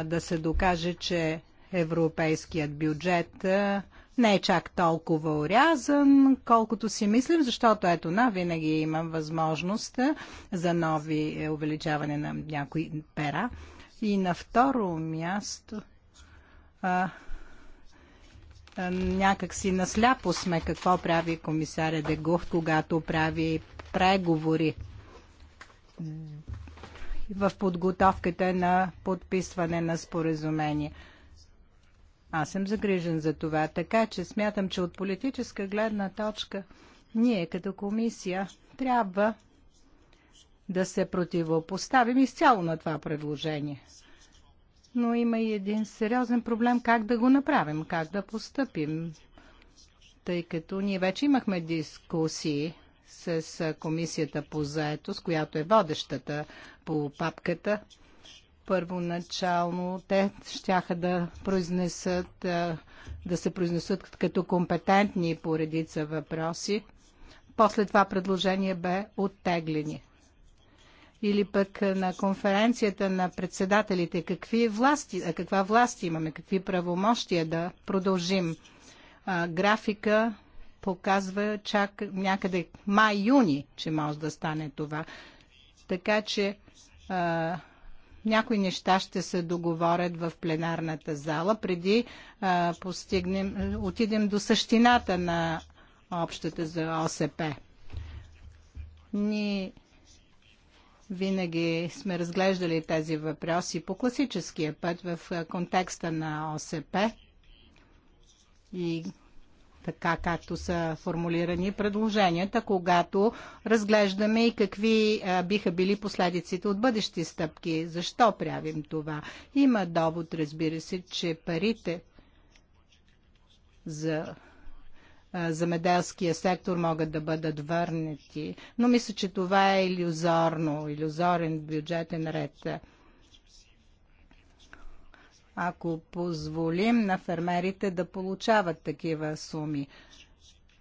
C: да се докаже, че европейският бюджет не е чак толкова урязан, колкото си мислим, защото ето на винаги имам възможност за нови е, увеличаване на някои пера. И на второ място а, а, си насляпо сме какво прави комисаря Дегов, когато прави преговори в подготовката на подписване на споразумение. Аз съм загрижен за това, така че смятам, че от политическа гледна точка ние като комисия трябва да се противопоставим изцяло на това предложение. Но има и един сериозен проблем как да го направим, как да постъпим, тъй като ние вече имахме дискусии с комисията по заето, с която е водещата по папката първоначално те щяха да произнесат, да се произнесат като компетентни по редица въпроси. После това предложение бе оттеглени. Или пък на конференцията на председателите, какви власти, а каква власт имаме, какви правомощия да продължим. А, графика показва чак някъде май-юни, че може да стане това. Така че а, някои неща ще се договорят в пленарната зала, преди а, постигнем, отидем до същината на общата за ОСП. Ние винаги сме разглеждали тези въпроси по класическия път в контекста на ОСП и така както са формулирани предложенията, когато разглеждаме и какви биха били последиците от бъдещи стъпки. Защо правим това? Има довод, разбира се, че парите за замеделския сектор могат да бъдат върнати. Но мисля, че това е иллюзорно, иллюзорен бюджетен ред ако позволим на фермерите да получават такива суми.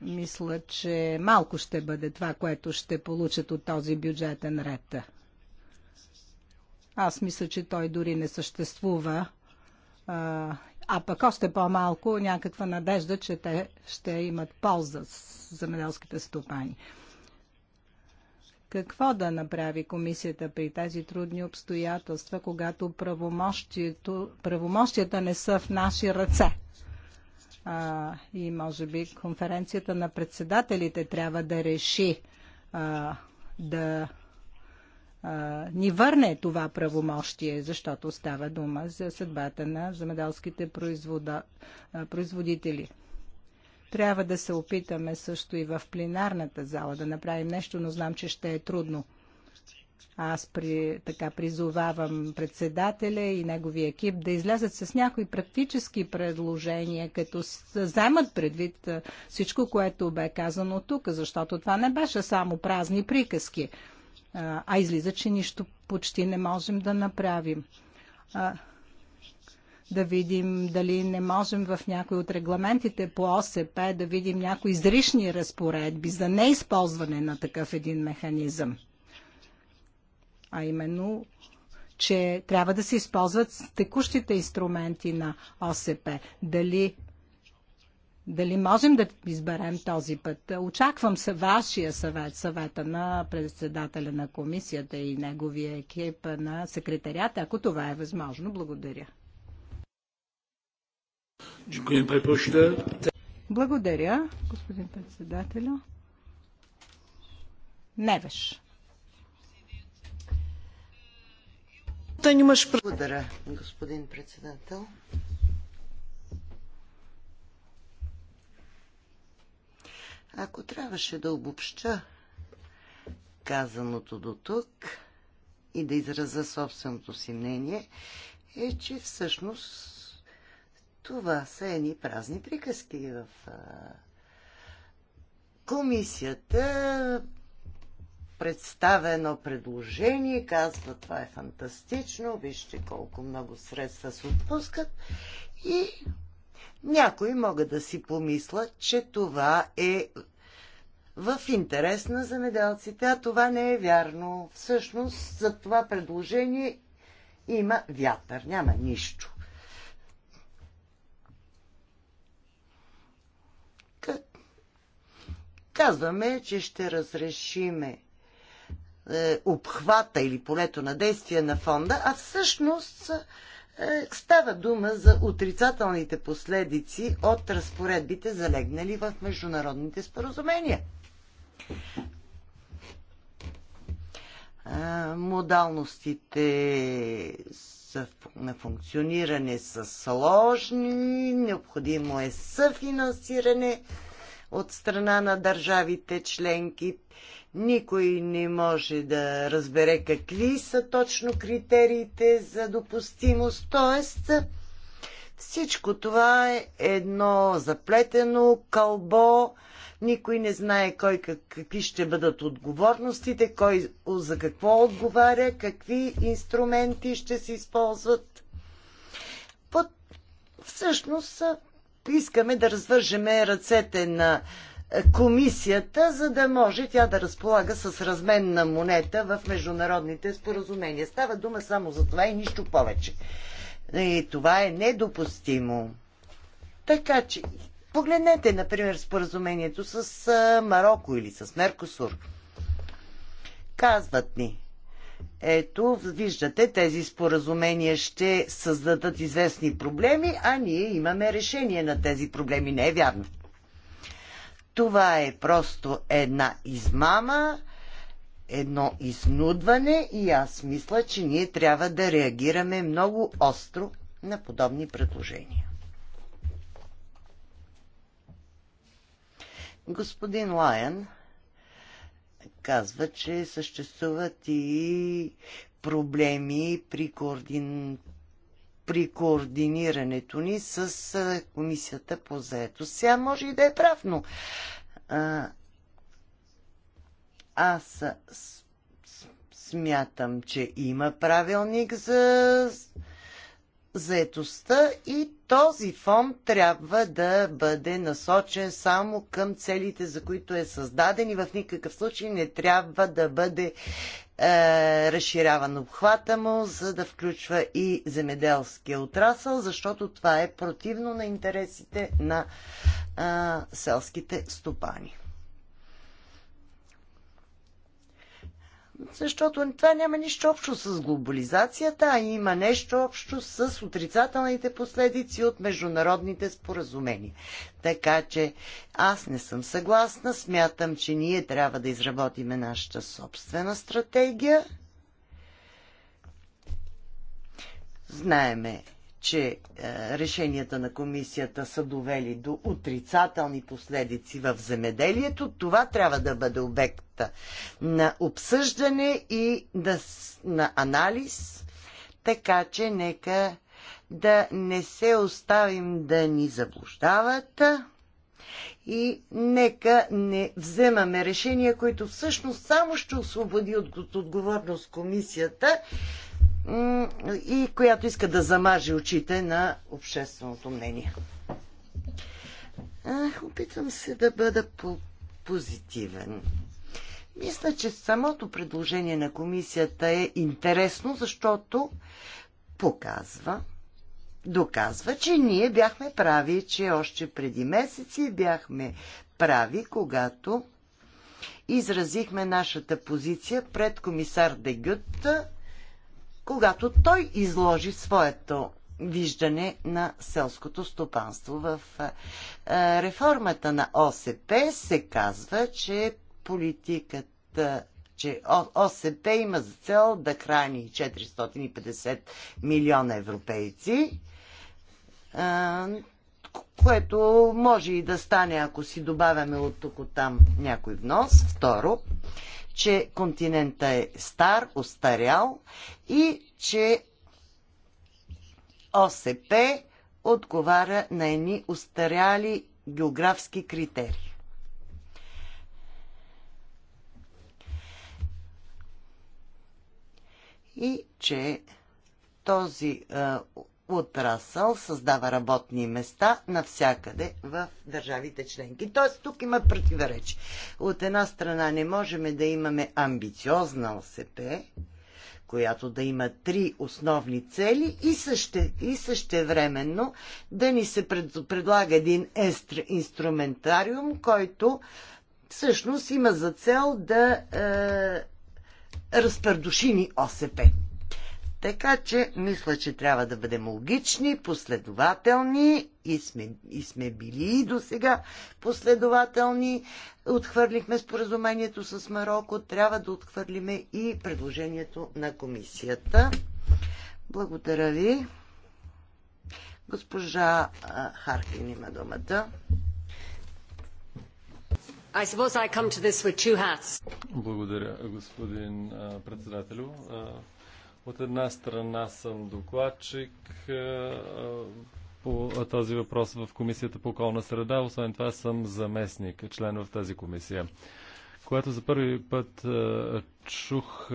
C: Мисля, че малко ще бъде това, което ще получат от този бюджетен ред. Аз мисля, че той дори не съществува, а пък още по-малко някаква надежда, че те ще имат полза с земеделските стопани какво да направи комисията при тези трудни обстоятелства, когато правомощията не са в наши ръце. А, и може би конференцията на председателите трябва да реши а, да а, ни върне това правомощие, защото става дума за съдбата на земеделските производители. Трябва да се опитаме също и в пленарната зала да направим нещо, но знам, че ще е трудно. Аз при, така призовавам председателя и неговия екип да излязат с някои практически предложения, като вземат предвид всичко, което бе казано тук, защото това не беше само празни приказки, а излиза, че нищо почти не можем да направим да видим дали не можем в някои от регламентите по ОСП да видим някои изрични разпоредби за неизползване на такъв един механизъм. А именно, че трябва да се използват текущите инструменти на ОСП. Дали дали можем да изберем този път? Очаквам се вашия съвет, съвета на председателя на комисията и неговия екип на секретарията, ако това е възможно. Благодаря. Благодаря, господин председателю. Невеш.
A: Благодаря, господин председател. Ако трябваше да обобща казаното до тук и да израза собственото си мнение, е, че всъщност това са едни празни приказки в комисията представя едно предложение, казва това е фантастично, вижте колко много средства се отпускат и някои могат да си помислят, че това е в интерес на замеделците, а това не е вярно. Всъщност за това предложение има вятър, няма нищо. Казваме, че ще разрешиме е, обхвата или полето на действие на фонда, а всъщност е, става дума за отрицателните последици от разпоредбите, залегнали в международните споразумения. Е, модалностите на функциониране са сложни, необходимо е съфинансиране от страна на държавите членки. Никой не може да разбере какви са точно критериите за допустимост. Т.е. всичко това е едно заплетено кълбо. Никой не знае кой как, какви ще бъдат отговорностите, кой за какво отговаря, какви инструменти ще се използват. Под, всъщност искаме да развържеме ръцете на е, комисията, за да може тя да разполага с разменна монета в международните споразумения. Става дума само за това и нищо повече. И това е недопустимо. Така че, погледнете, например, споразумението с е, Марокко или с Меркосур. Казват ни, ето, виждате, тези споразумения ще създадат известни проблеми, а ние имаме решение на тези проблеми. Не е вярно. Това е просто една измама, едно изнудване и аз мисля, че ние трябва да реагираме много остро на подобни предложения. Господин Лайен казва, че съществуват и проблеми при, координ... при координирането ни с комисията по заето. Сега може и да е прав, но а... аз смятам, че има правилник за заетостта и този фонд трябва да бъде насочен само към целите, за които е създаден и в никакъв случай не трябва да бъде е, разширяван обхвата му, за да включва и земеделския отрасъл, защото това е противно на интересите на е, селските стопани. защото това няма нищо общо с глобализацията, а има нещо общо с отрицателните последици от международните споразумения. Така че аз не съм съгласна, смятам, че ние трябва да изработиме нашата собствена стратегия. Знаеме че е, решенията на комисията са довели до отрицателни последици в земеделието, това трябва да бъде обекта на обсъждане и да, на анализ, така че нека да не се оставим да ни заблуждават и нека не вземаме решения, които всъщност само ще освободи от отговорност комисията и която иска да замаже очите на общественото мнение. Ах, опитвам се да бъда по позитивен. Мисля, че самото предложение на комисията е интересно, защото показва, доказва, че ние бяхме прави, че още преди месеци бяхме прави, когато изразихме нашата позиция пред комисар Дегют когато той изложи своето виждане на селското стопанство. В реформата на ОСП се казва, че политиката че ОСП има за цел да храни 450 милиона европейци, което може и да стане, ако си добавяме от тук от там някой внос. Второ, че континента е стар, устарял. и че ОСП отговаря на едни устаряли географски критерии. И че този а, отрасъл създава работни места навсякъде в държавите членки. Тоест тук има противоречи. От една страна не можем да имаме амбициозна ОСП, която да има три основни цели и, също и временно да ни се пред, предлага един естр, инструментариум, който всъщност има за цел да е, ни ОСП. Така че мисля, че трябва да бъдем логични, последователни и сме, и сме били и до сега последователни. Отхвърлихме споразумението с Марокко, трябва да отхвърлиме и предложението на комисията. Благодаря ви. Госпожа Харкин има думата. I I
B: Благодаря, господин председателю. От една страна съм докладчик е, е, по този въпрос в Комисията по околна среда. Освен това съм заместник, член в тази комисия. Когато за първи път е, чух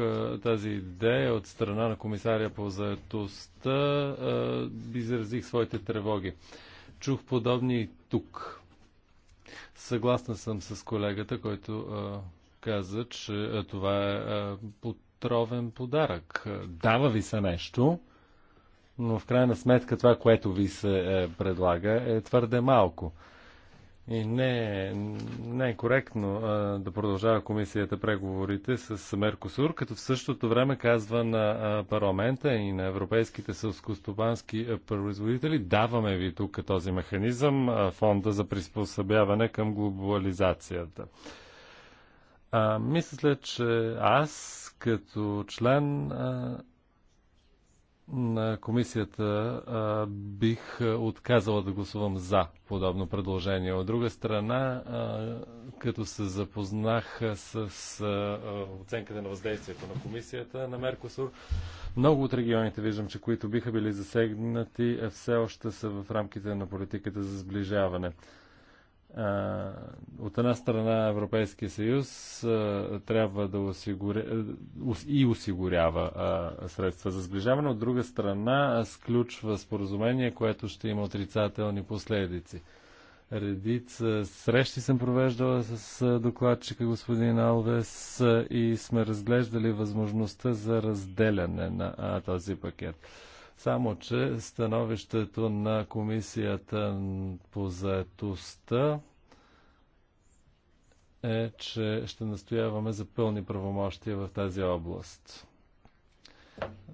B: тази идея от страна на комисаря по заедостта, изразих своите тревоги. Чух подобни и тук. Съгласна съм с колегата, който каза, че това е отровен подарък. Дава ви се нещо, но в крайна сметка това, което ви се е, предлага, е твърде малко. И не, не е коректно е, да продължава комисията преговорите с Меркосур, като в същото време казва на е, парламента и на европейските сълскостопански производители, даваме ви тук този механизъм, фонда за приспособяване към глобализацията. А, мисля, че аз като член на комисията бих отказала да гласувам за подобно предложение. От друга страна, като се запознах с, оценката на въздействието на комисията на Меркосур, много от регионите виждам, че които биха били засегнати, е, все още са в рамките на политиката за сближаване от една страна Европейския съюз трябва да осигури, и осигурява средства за сближаване, от друга страна сключва споразумение, което ще има отрицателни последици. Редица срещи съм провеждала с докладчика господин Алвес и сме разглеждали възможността за разделяне на този пакет. Само, че становището на комисията по заетостта е, че ще настояваме за пълни правомощия в тази област.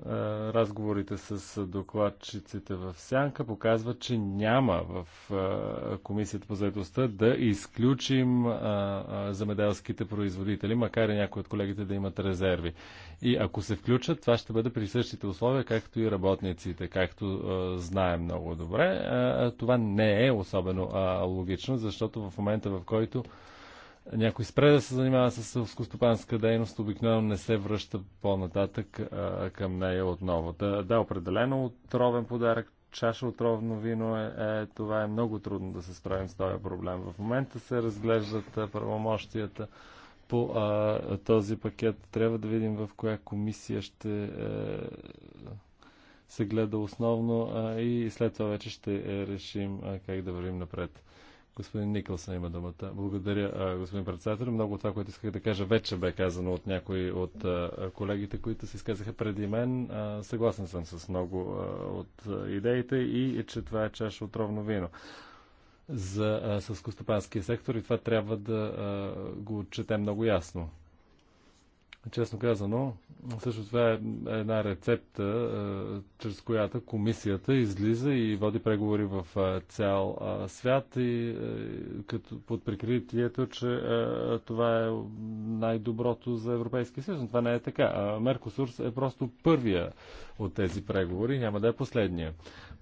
B: Е, разговорите с докладчиците в Сянка показват, че няма в е, Комисията по заедостта да изключим е, замеделските производители, макар и някои от колегите да имат резерви. И ако се включат, това ще бъде при същите условия, както и работниците, както знаем много добре. Това не е особено логично, защото в момента в който някой спре да се занимава с селскостопанска дейност, обикновено не се връща по-нататък към нея отново. Да, да, определено отровен подарък, чаша отровно вино е, е, това е много трудно да се справим с този проблем. В момента се разглеждат правомощията по а, този пакет. Трябва да видим в коя комисия ще е, се гледа основно а, и след това вече ще е, решим а, как да вървим напред. Господин Никълсън има думата. Благодаря, господин председател. Много от това, което исках да кажа, вече бе казано от някои от колегите, които се изказаха преди мен. Съгласен съм с много от идеите и че това е чаша от ровно вино за съскостопанския сектор и това трябва да го отчетем много ясно. Честно казано, също това е една рецепта, е, чрез която комисията излиза и води преговори в е, цял е, свят и като под прикритието, че това е най-доброто за Европейския съюз. Но това не е така. Меркосурс е просто първия от тези преговори, няма да е последния.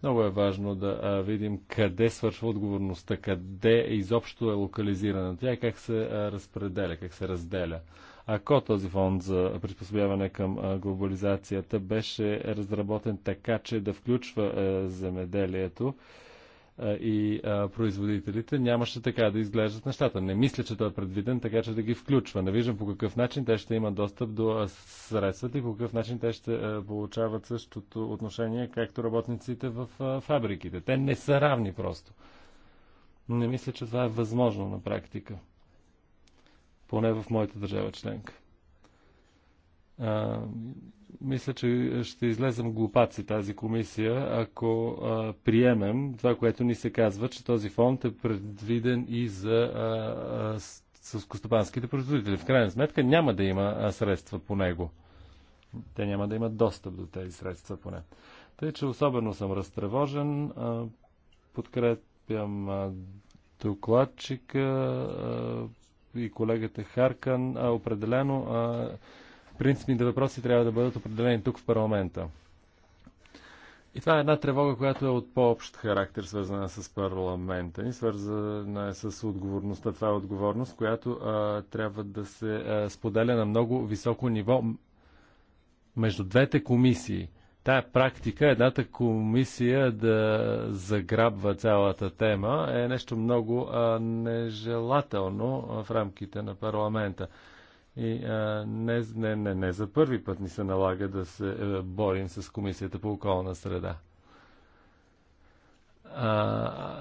B: Много е важно да видим къде свършва отговорността, къде изобщо е локализирана тя и как се разпределя, как се разделя. Ако този фонд за приспособяване към глобализацията беше разработен така, че да включва земеделието, и производителите, нямаше така да изглеждат нещата. Не мисля, че той е предвиден, така че да ги включва. Не виждам по какъв начин те ще имат достъп до средствата и по какъв начин те ще получават същото отношение, както работниците в фабриките. Те не са равни просто. Не мисля, че това е възможно на практика поне в моята държава членка. А, мисля, че ще излезем глупаци тази комисия, ако а, приемем това, което ни се казва, че този фонд е предвиден и за а, сълскостопанските производители. В крайна сметка няма да има средства по него. Те няма да имат достъп до тези средства поне. Тъй, че особено съм разтревожен. Подкрепям докладчика и колегата Харкан, а, определено а, принципните въпроси трябва да бъдат определени тук в парламента. И това е една тревога, която е от по-общ характер, свързана с парламента ни, свързана е с отговорността. Това е отговорност, която а, трябва да се а, споделя на много високо ниво между двете комисии тая практика, едната комисия да заграбва цялата тема е нещо много а, нежелателно в рамките на парламента. И а, не, не, не, не за първи път ни се налага да се а, е, борим с комисията по околна среда. А,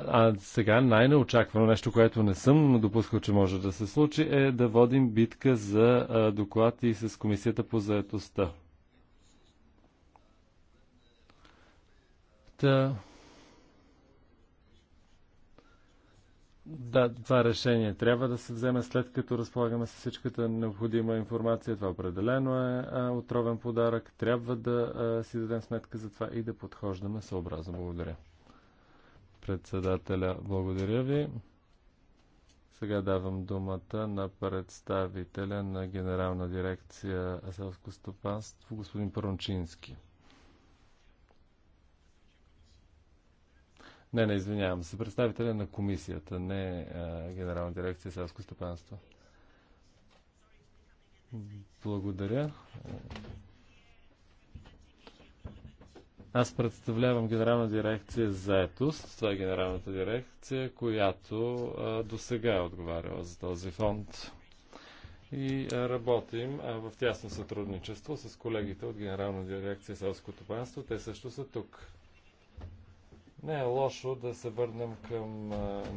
B: а сега най-неочаквано нещо, което не съм допускал, че може да се случи, е да водим битка за а, доклад и с комисията по заетостта. Та... Да, това решение трябва да се вземе след като разполагаме с всичката необходима информация. Това определено е а, отровен подарък. Трябва да а, си дадем сметка за това и да подхождаме съобразно. Благодаря. Председателя, благодаря ви. Сега давам думата на представителя на Генерална дирекция селско стопанство, господин Прончински. Не, не, извинявам се. Представителя на комисията, не е, Генерална дирекция селско стопанство. Благодаря. Аз представлявам генерална дирекция заетост. Това е генералната дирекция, която до сега е отговаряла за този фонд. И работим в тясно сътрудничество с колегите от Генерална дирекция селско стопанство. Те също са тук не е лошо да се върнем към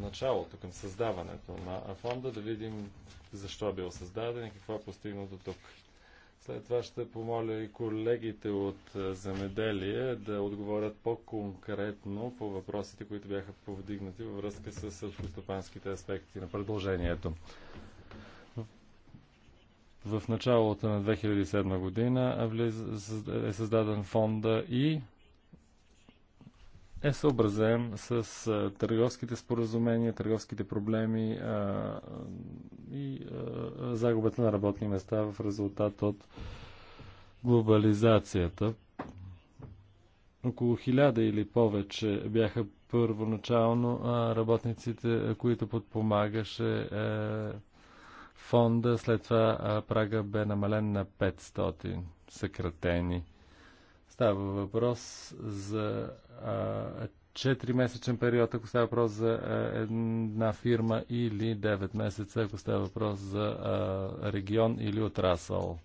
B: началото, към създаването на фонда, да видим защо е бил създаден и какво е постигнато тук. След това ще помоля и колегите от земеделие да отговорят по-конкретно по въпросите, които бяха повдигнати във връзка с селскостопанските аспекти на предложението. В началото на 2007 година е създаден фонда и е съобразен с търговските споразумения, търговските проблеми а, и а, загубата на работни места в резултат от глобализацията. Около хиляда или повече бяха първоначално работниците, които подпомагаше е, фонда, след това прага бе намален на 500 съкратени става въпрос за 4-месечен период, ако става въпрос за една фирма, или 9 месеца, ако става въпрос за регион или отрасъл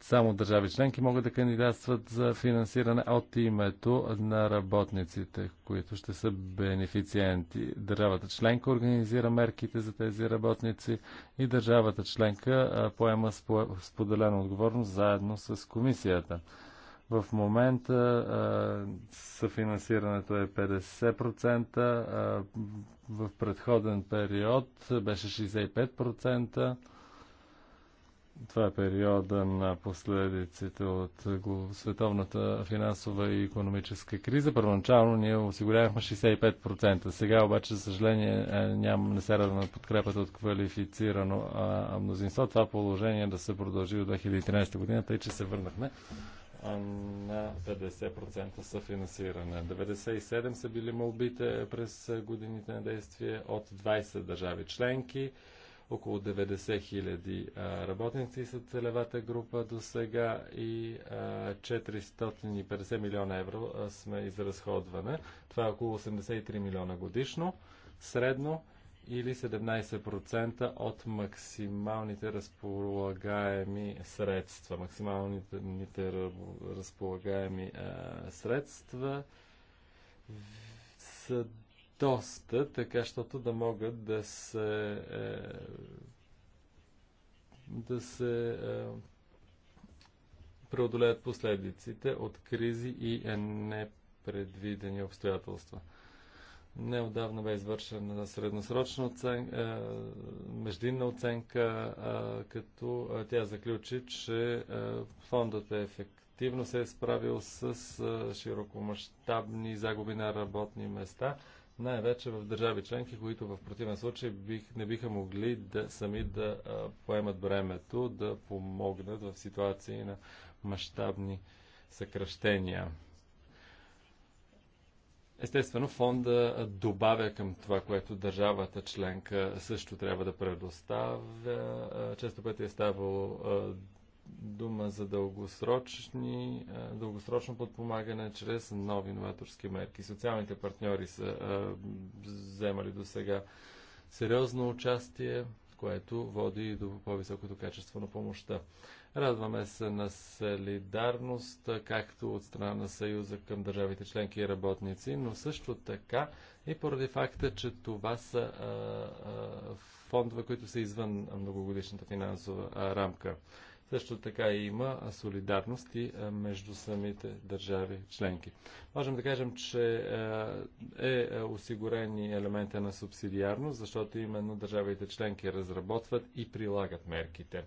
B: само държави членки могат да кандидатстват за финансиране от името на работниците, които ще са бенефициенти. Държавата членка организира мерките за тези работници и държавата членка поема споделена отговорност заедно с комисията. В момента съфинансирането е 50%, в предходен период беше 65%. Това е периода на последиците от световната финансова и економическа криза. Първоначално ние осигурявахме 65%. Сега обаче, за съжаление, е, ням, не се радва на подкрепата от квалифицирано а, мнозинство. Това положение да се продължи до 2013 година, тъй че се върнахме на 50% съфинансиране. 97 са били молбите през годините на действие от 20 държави членки. Около 90 хиляди работници са целевата група до сега и 450 милиона евро сме изразходване. Това е около 83 милиона годишно, средно или 17% от максималните разполагаеми средства. Максималните разполагаеми средства са доста, така защото да могат да се е, да се е, преодолеят последиците от кризи и непредвидени обстоятелства. Неодавна бе извършена средносрочна оценка, е, междинна оценка, е, като е, тя заключи, че фондът е ефективно се е справил с широкомащабни загуби на работни места – най-вече в държави членки, които в противен случай бих, не биха могли да сами да а, поемат времето да помогнат в ситуации на мащабни съкръщения. Естествено, фонда добавя към това, което държавата членка също трябва да предоставя. Често пъти е ставало дума за дългосрочни, е, дългосрочно подпомагане чрез нови новаторски мерки. Социалните партньори са а, е, вземали до сега сериозно участие, което води и до по-високото качество на помощта. Радваме се на солидарност, както от страна на Съюза към държавите членки и работници, но също така и поради факта, че това са а, е, а, фондове, които са извън многогодишната финансова рамка. Също така има солидарност и между самите държави членки. Можем да кажем, че е, е осигурен и елемента на субсидиарност, защото именно държавите членки разработват и прилагат мерките.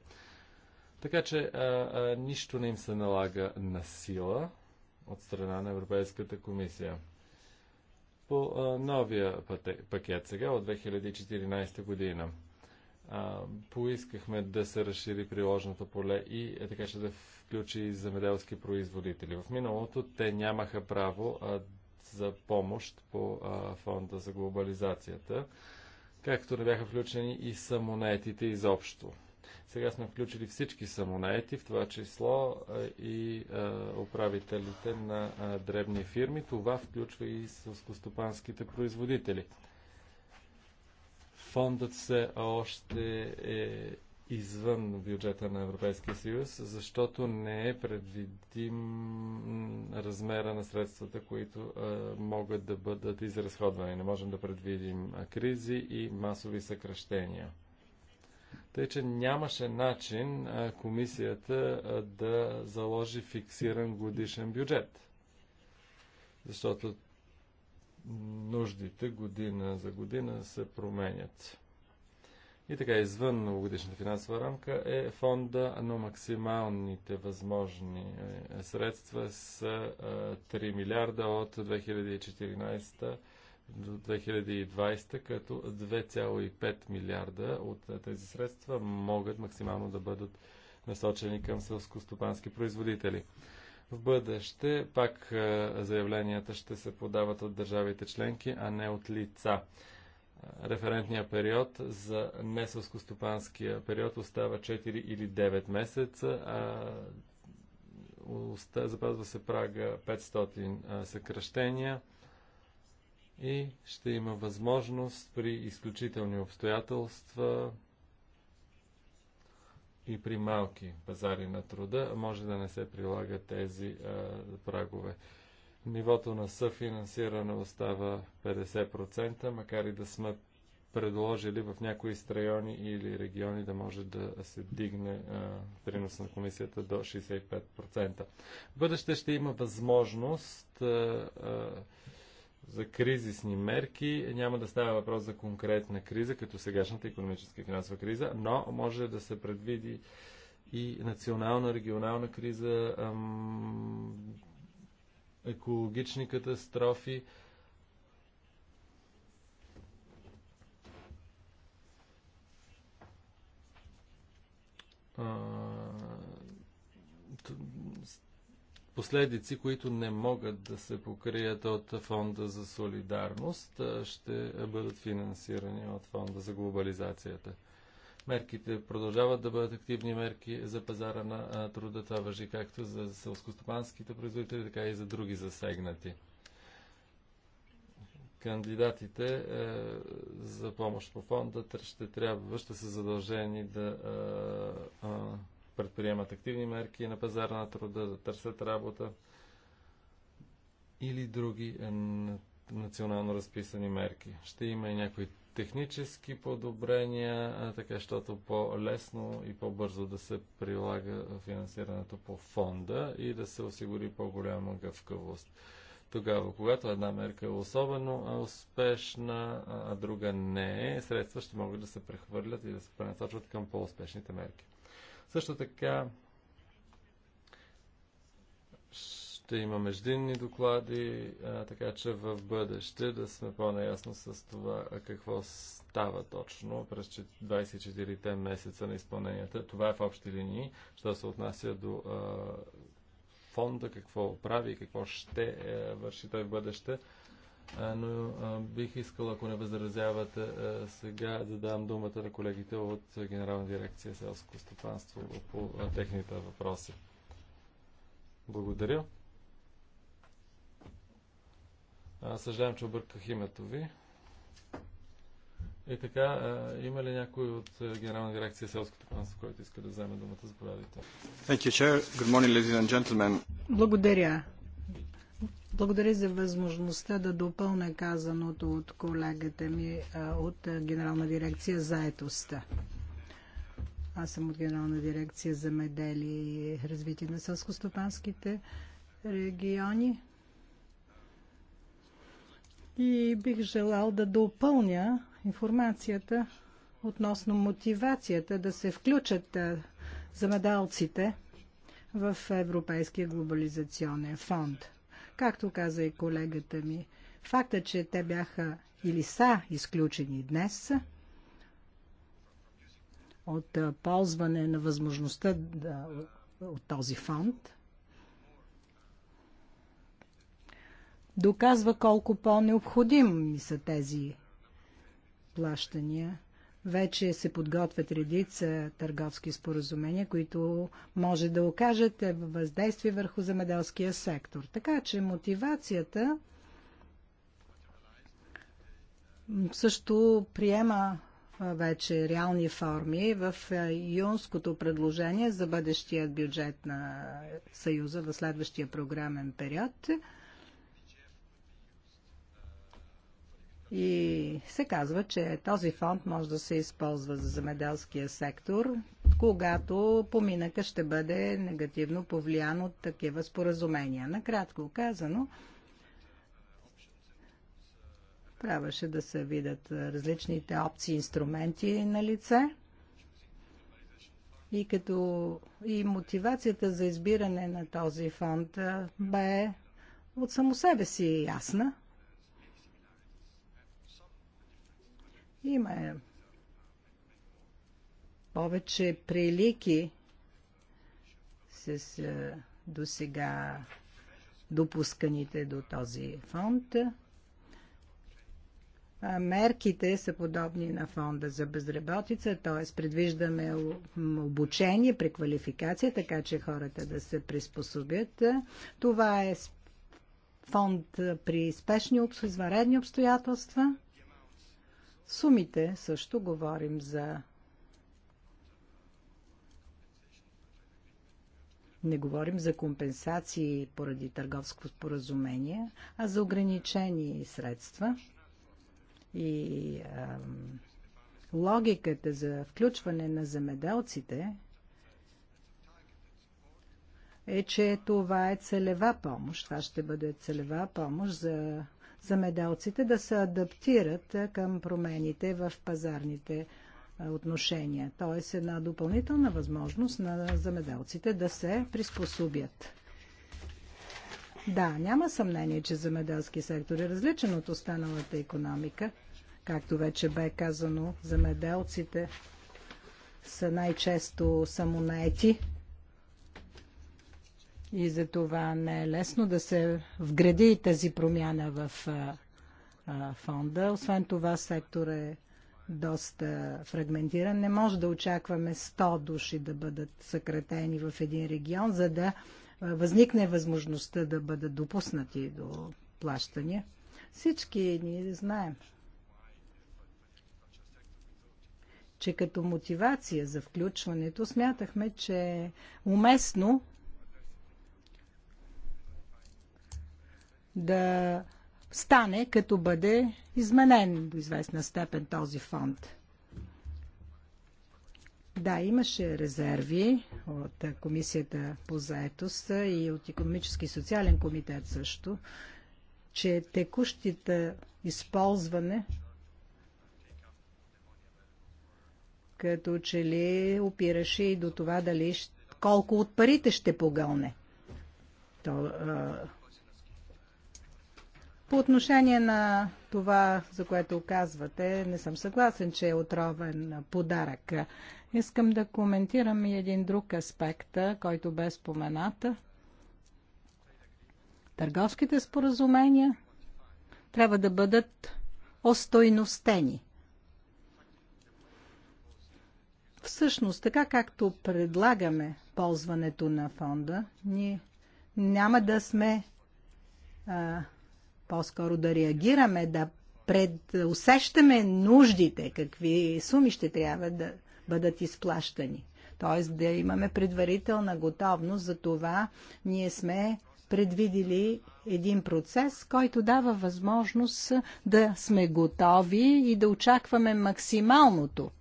B: Така че а, а, нищо не им се налага на сила от страна на Европейската комисия. По а, новия пакет сега от 2014 година а, поискахме да се разшири приложното поле и е, така ще да включи и земеделски производители. В миналото те нямаха право а, за помощ по а, фонда за глобализацията, както не бяха включени и самонаетите изобщо. Сега сме включили всички самонаети, в това число а, и а, управителите на а, дребни фирми. Това включва и сълскостопанските производители фондът все още е извън бюджета на Европейския съюз, защото не е предвидим размера на средствата, които а, е, могат да бъдат изразходвани. Не можем да предвидим а, кризи и масови съкръщения. Тъй, че нямаше начин а, комисията а, да заложи фиксиран годишен бюджет. Защото нуждите година за година се променят. И така, извън новогодишната финансова рамка е фонда, но максималните възможни е, средства са 3 е, милиарда от 2014 до 2020, като 2,5 милиарда от е, тези средства могат максимално да бъдат насочени към селскостопански производители. В бъдеще пак е, заявленията ще се подават от държавите членки, а не от лица. Е, референтният период за несъскостопанския период остава 4 или 9 месеца, а запазва се прага 500 съкръщения и ще има възможност при изключителни обстоятелства и при малки пазари на труда може да не се прилага тези а, прагове. Нивото на съфинансиране остава 50%, макар и да сме предложили в някои страйони или региони да може да се дигне а, принос на комисията до 65%. В бъдеще ще има възможност а, а, за кризисни мерки. Няма да става въпрос за конкретна криза, като сегашната економическа и финансова криза, но може да се предвиди и национална, регионална криза, екологични катастрофи. А, последици, които не могат да се покрият от Фонда за солидарност, ще бъдат финансирани от Фонда за глобализацията. Мерките продължават да бъдат активни мерки за пазара на труда. Това въжи както за селскостопанските производители, така и за други засегнати кандидатите е, за помощ по фонда ще трябва, ще са задължени да е, е, предприемат активни мерки на пазара на труда, да търсят работа или други е, национално разписани мерки. Ще има и някои технически подобрения, така щото по-лесно и по-бързо да се прилага финансирането по фонда и да се осигури по-голяма гъвкавост. Тогава, когато една мерка е особено успешна, а друга не е, средства ще могат да се прехвърлят и да се пренасочват към по-успешните мерки. Също така ще има междинни доклади, а, така че в бъдеще да сме по-наясно с това какво става точно през 24-те месеца на изпълненията. Това е в общи линии, що се отнася до а, фонда, какво прави, какво ще е, върши той в бъдеще но бих искал, ако не възразявате, сега да дам думата на колегите от Генерална дирекция селско стопанство по техните въпроси. Благодаря. Съжалявам, че обърках името ви. И е, така, има ли някой от Генерална дирекция селското стопанство, който иска да вземе думата? Заповядайте.
C: Благодаря. Благодаря за възможността да допълня казаното от колегата ми от Генерална дирекция заетостта. Аз съм от Генерална дирекция за медели и развитие на сълскостопанските региони. И бих желал да допълня информацията относно мотивацията да се включат замедалците в Европейския глобализационен фонд – Както каза и колегата ми, факта, че те бяха или са изключени днес от ползване на възможността да, от този фонд, доказва колко по-необходими са тези плащания вече се подготвят редица търговски споразумения, които може да окажат въздействие върху земеделския сектор. Така че мотивацията също приема вече реални форми в юнското предложение за бъдещият бюджет на Съюза в следващия програмен период – И се казва, че този фонд може да се използва за земеделския сектор, когато поминъка ще бъде негативно повлиян от такива споразумения. Накратко казано, трябваше да се видят различните опции, инструменти на лице и като и мотивацията за избиране на този фонд бе от само себе си ясна. Има е, повече прилики с е, до сега допусканите до този фонд. Мерките са подобни на фонда за безработица, т.е. предвиждаме обучение, преквалификация, така че хората да се приспособят. Това е фонд при спешни, извънредни обстоятелства – Сумите също говорим за Не говорим за компенсации поради търговско споразумение, а за ограничени средства. И ам, логиката за включване на земеделците е, че това е целева помощ. Това ще бъде целева помощ за замеделците да се адаптират към промените в пазарните отношения. Тоест една допълнителна възможност на замеделците да се приспособят. Да, няма съмнение, че замеделски сектор е различен от останалата економика. Както вече бе казано, замеделците са най-често самонаети и за това не е лесно да се вгради тази промяна в фонда. Освен това, сектор е доста фрагментиран. Не може да очакваме 100 души да бъдат съкратени в един регион, за да възникне възможността да бъдат допуснати до плащания. Всички ние знаем, че като мотивация за включването смятахме, че уместно да стане, като бъде изменен до известна степен този фонд. Да, имаше резерви от Комисията по заетост и от Економически и социален комитет също, че текущите използване като че ли опираше и до това дали колко от парите ще погълне. То, а, по отношение на това, за което казвате, не съм съгласен, че е отровен подарък. Искам да коментирам и един друг аспект, който бе спомената. Търговските споразумения трябва да бъдат остойностени. Всъщност, така както предлагаме ползването на фонда, ние няма да сме а, по-скоро да реагираме, да предусещаме нуждите, какви суми ще трябва да бъдат изплащани. Тоест да имаме предварителна готовност за това. Ние сме предвидили един процес, който дава възможност да сме готови и да очакваме максималното,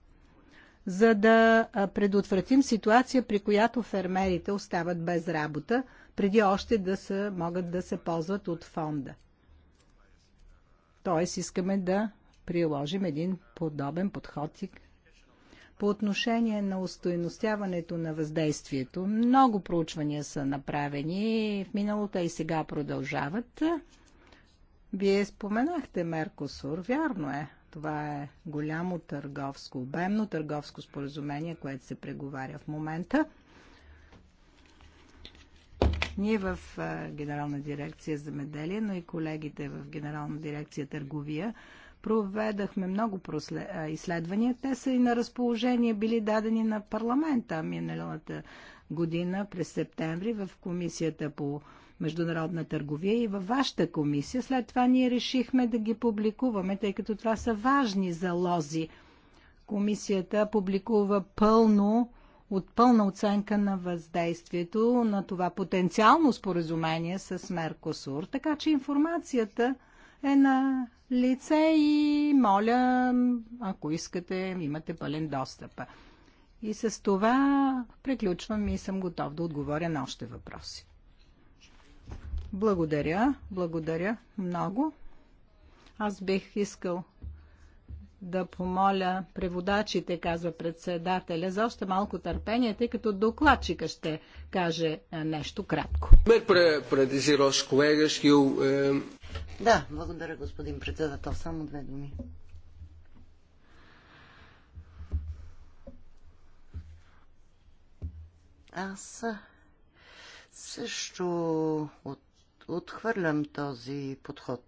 C: за да предотвратим ситуация, при която фермерите остават без работа, преди още да са, могат да се ползват от фонда. Т.е. искаме да приложим един подобен подход и по отношение на устойностяването на въздействието. Много проучвания са направени в миналото и сега продължават. Вие споменахте Меркосур, вярно е. Това е голямо търговско, обемно търговско споразумение, което се преговаря в момента. Ние в Генерална дирекция Замеделие, но и колегите в Генерална дирекция Търговия проведахме много изследвания. Те са и на разположение били дадени на парламента миналата година през септември в Комисията по международна търговия и във вашата комисия. След това ние решихме да ги публикуваме, тъй като това са важни залози. Комисията публикува пълно от пълна оценка на въздействието на това потенциално споразумение с Меркосур. Така че информацията е на лице и моля, ако искате, имате пълен достъп. И с това приключвам и съм готов да отговоря на още въпроси. Благодаря, благодаря много. Аз бих искал да помоля преводачите, казва председателя, за още малко търпение, тъй като докладчика ще каже е, нещо кратко.
B: Е.
C: Да, благодаря, господин председател.
A: Само две думи. Аз също от, отхвърлям този подход.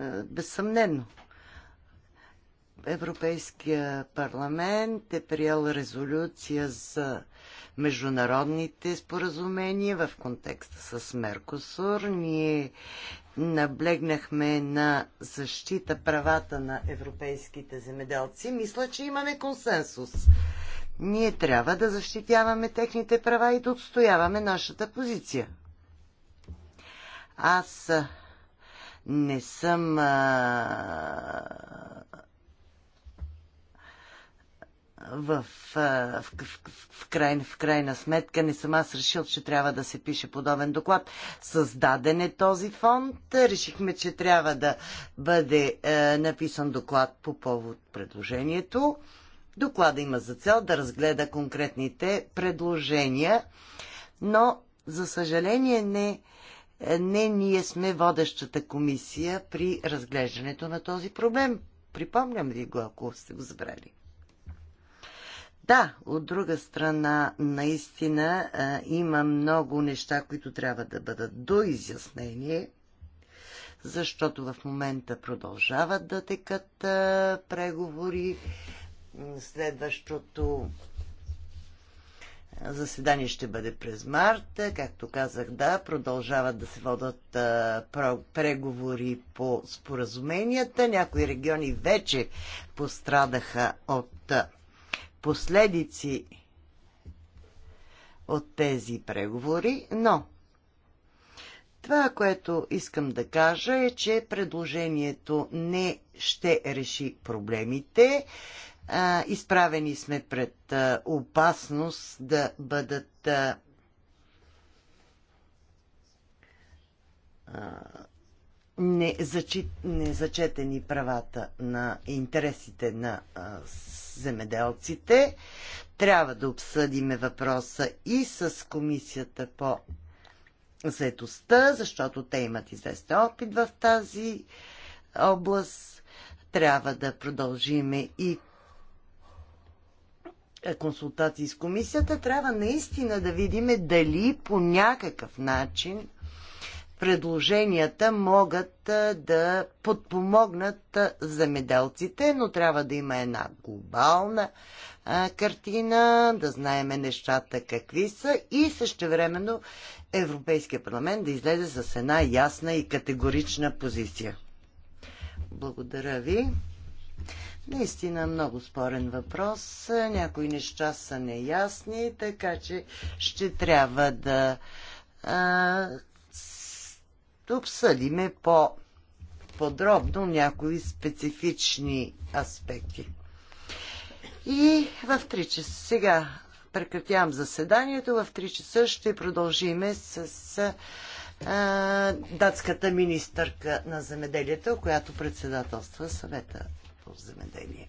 A: Е, безсъмнено Европейския парламент е приял резолюция за международните споразумения в контекста с Меркосур. Ние наблегнахме на защита правата на европейските земеделци. Мисля, че имаме консенсус. Ние трябва да защитяваме техните права и да отстояваме нашата позиция. Аз не съм а, в, в, в, в, край, в крайна сметка не съм аз решил, че трябва да се пише подобен доклад. Създаден е този фонд. Решихме, че трябва да бъде е, написан доклад по повод предложението. Доклада има за цел да разгледа конкретните предложения, но за съжаление не, не ние сме водещата комисия при разглеждането на този проблем. Припомням ви го, ако сте го забрали. Да, от друга страна, наистина а, има много неща, които трябва да бъдат до изяснение. защото в момента продължават да текат а, преговори. Следващото заседание ще бъде през март. Както казах, да, продължават да се водат а, преговори по споразуменията. Някои региони вече пострадаха от последици от тези преговори, но това, което искам да кажа е, че предложението не ще реши проблемите. А, изправени сме пред а, опасност да бъдат а, правата на интересите на а, земеделците. Трябва да обсъдиме въпроса и с комисията по заедостта, защото те имат известен опит в тази област. Трябва да продължиме и консултации с комисията. Трябва наистина да видим дали по някакъв начин предложенията могат да подпомогнат замеделците, но трябва да има една глобална картина, да знаеме нещата какви са и същевременно Европейския парламент да излезе с една ясна и категорична позиция. Благодаря ви. Наистина много спорен въпрос. Някои неща са неясни, така че ще трябва да обсъдиме по-подробно някои специфични аспекти. И в 3 часа сега прекратявам заседанието. В 3 часа ще продължиме с а, датската министърка на земеделието, която председателства съвета по земеделие.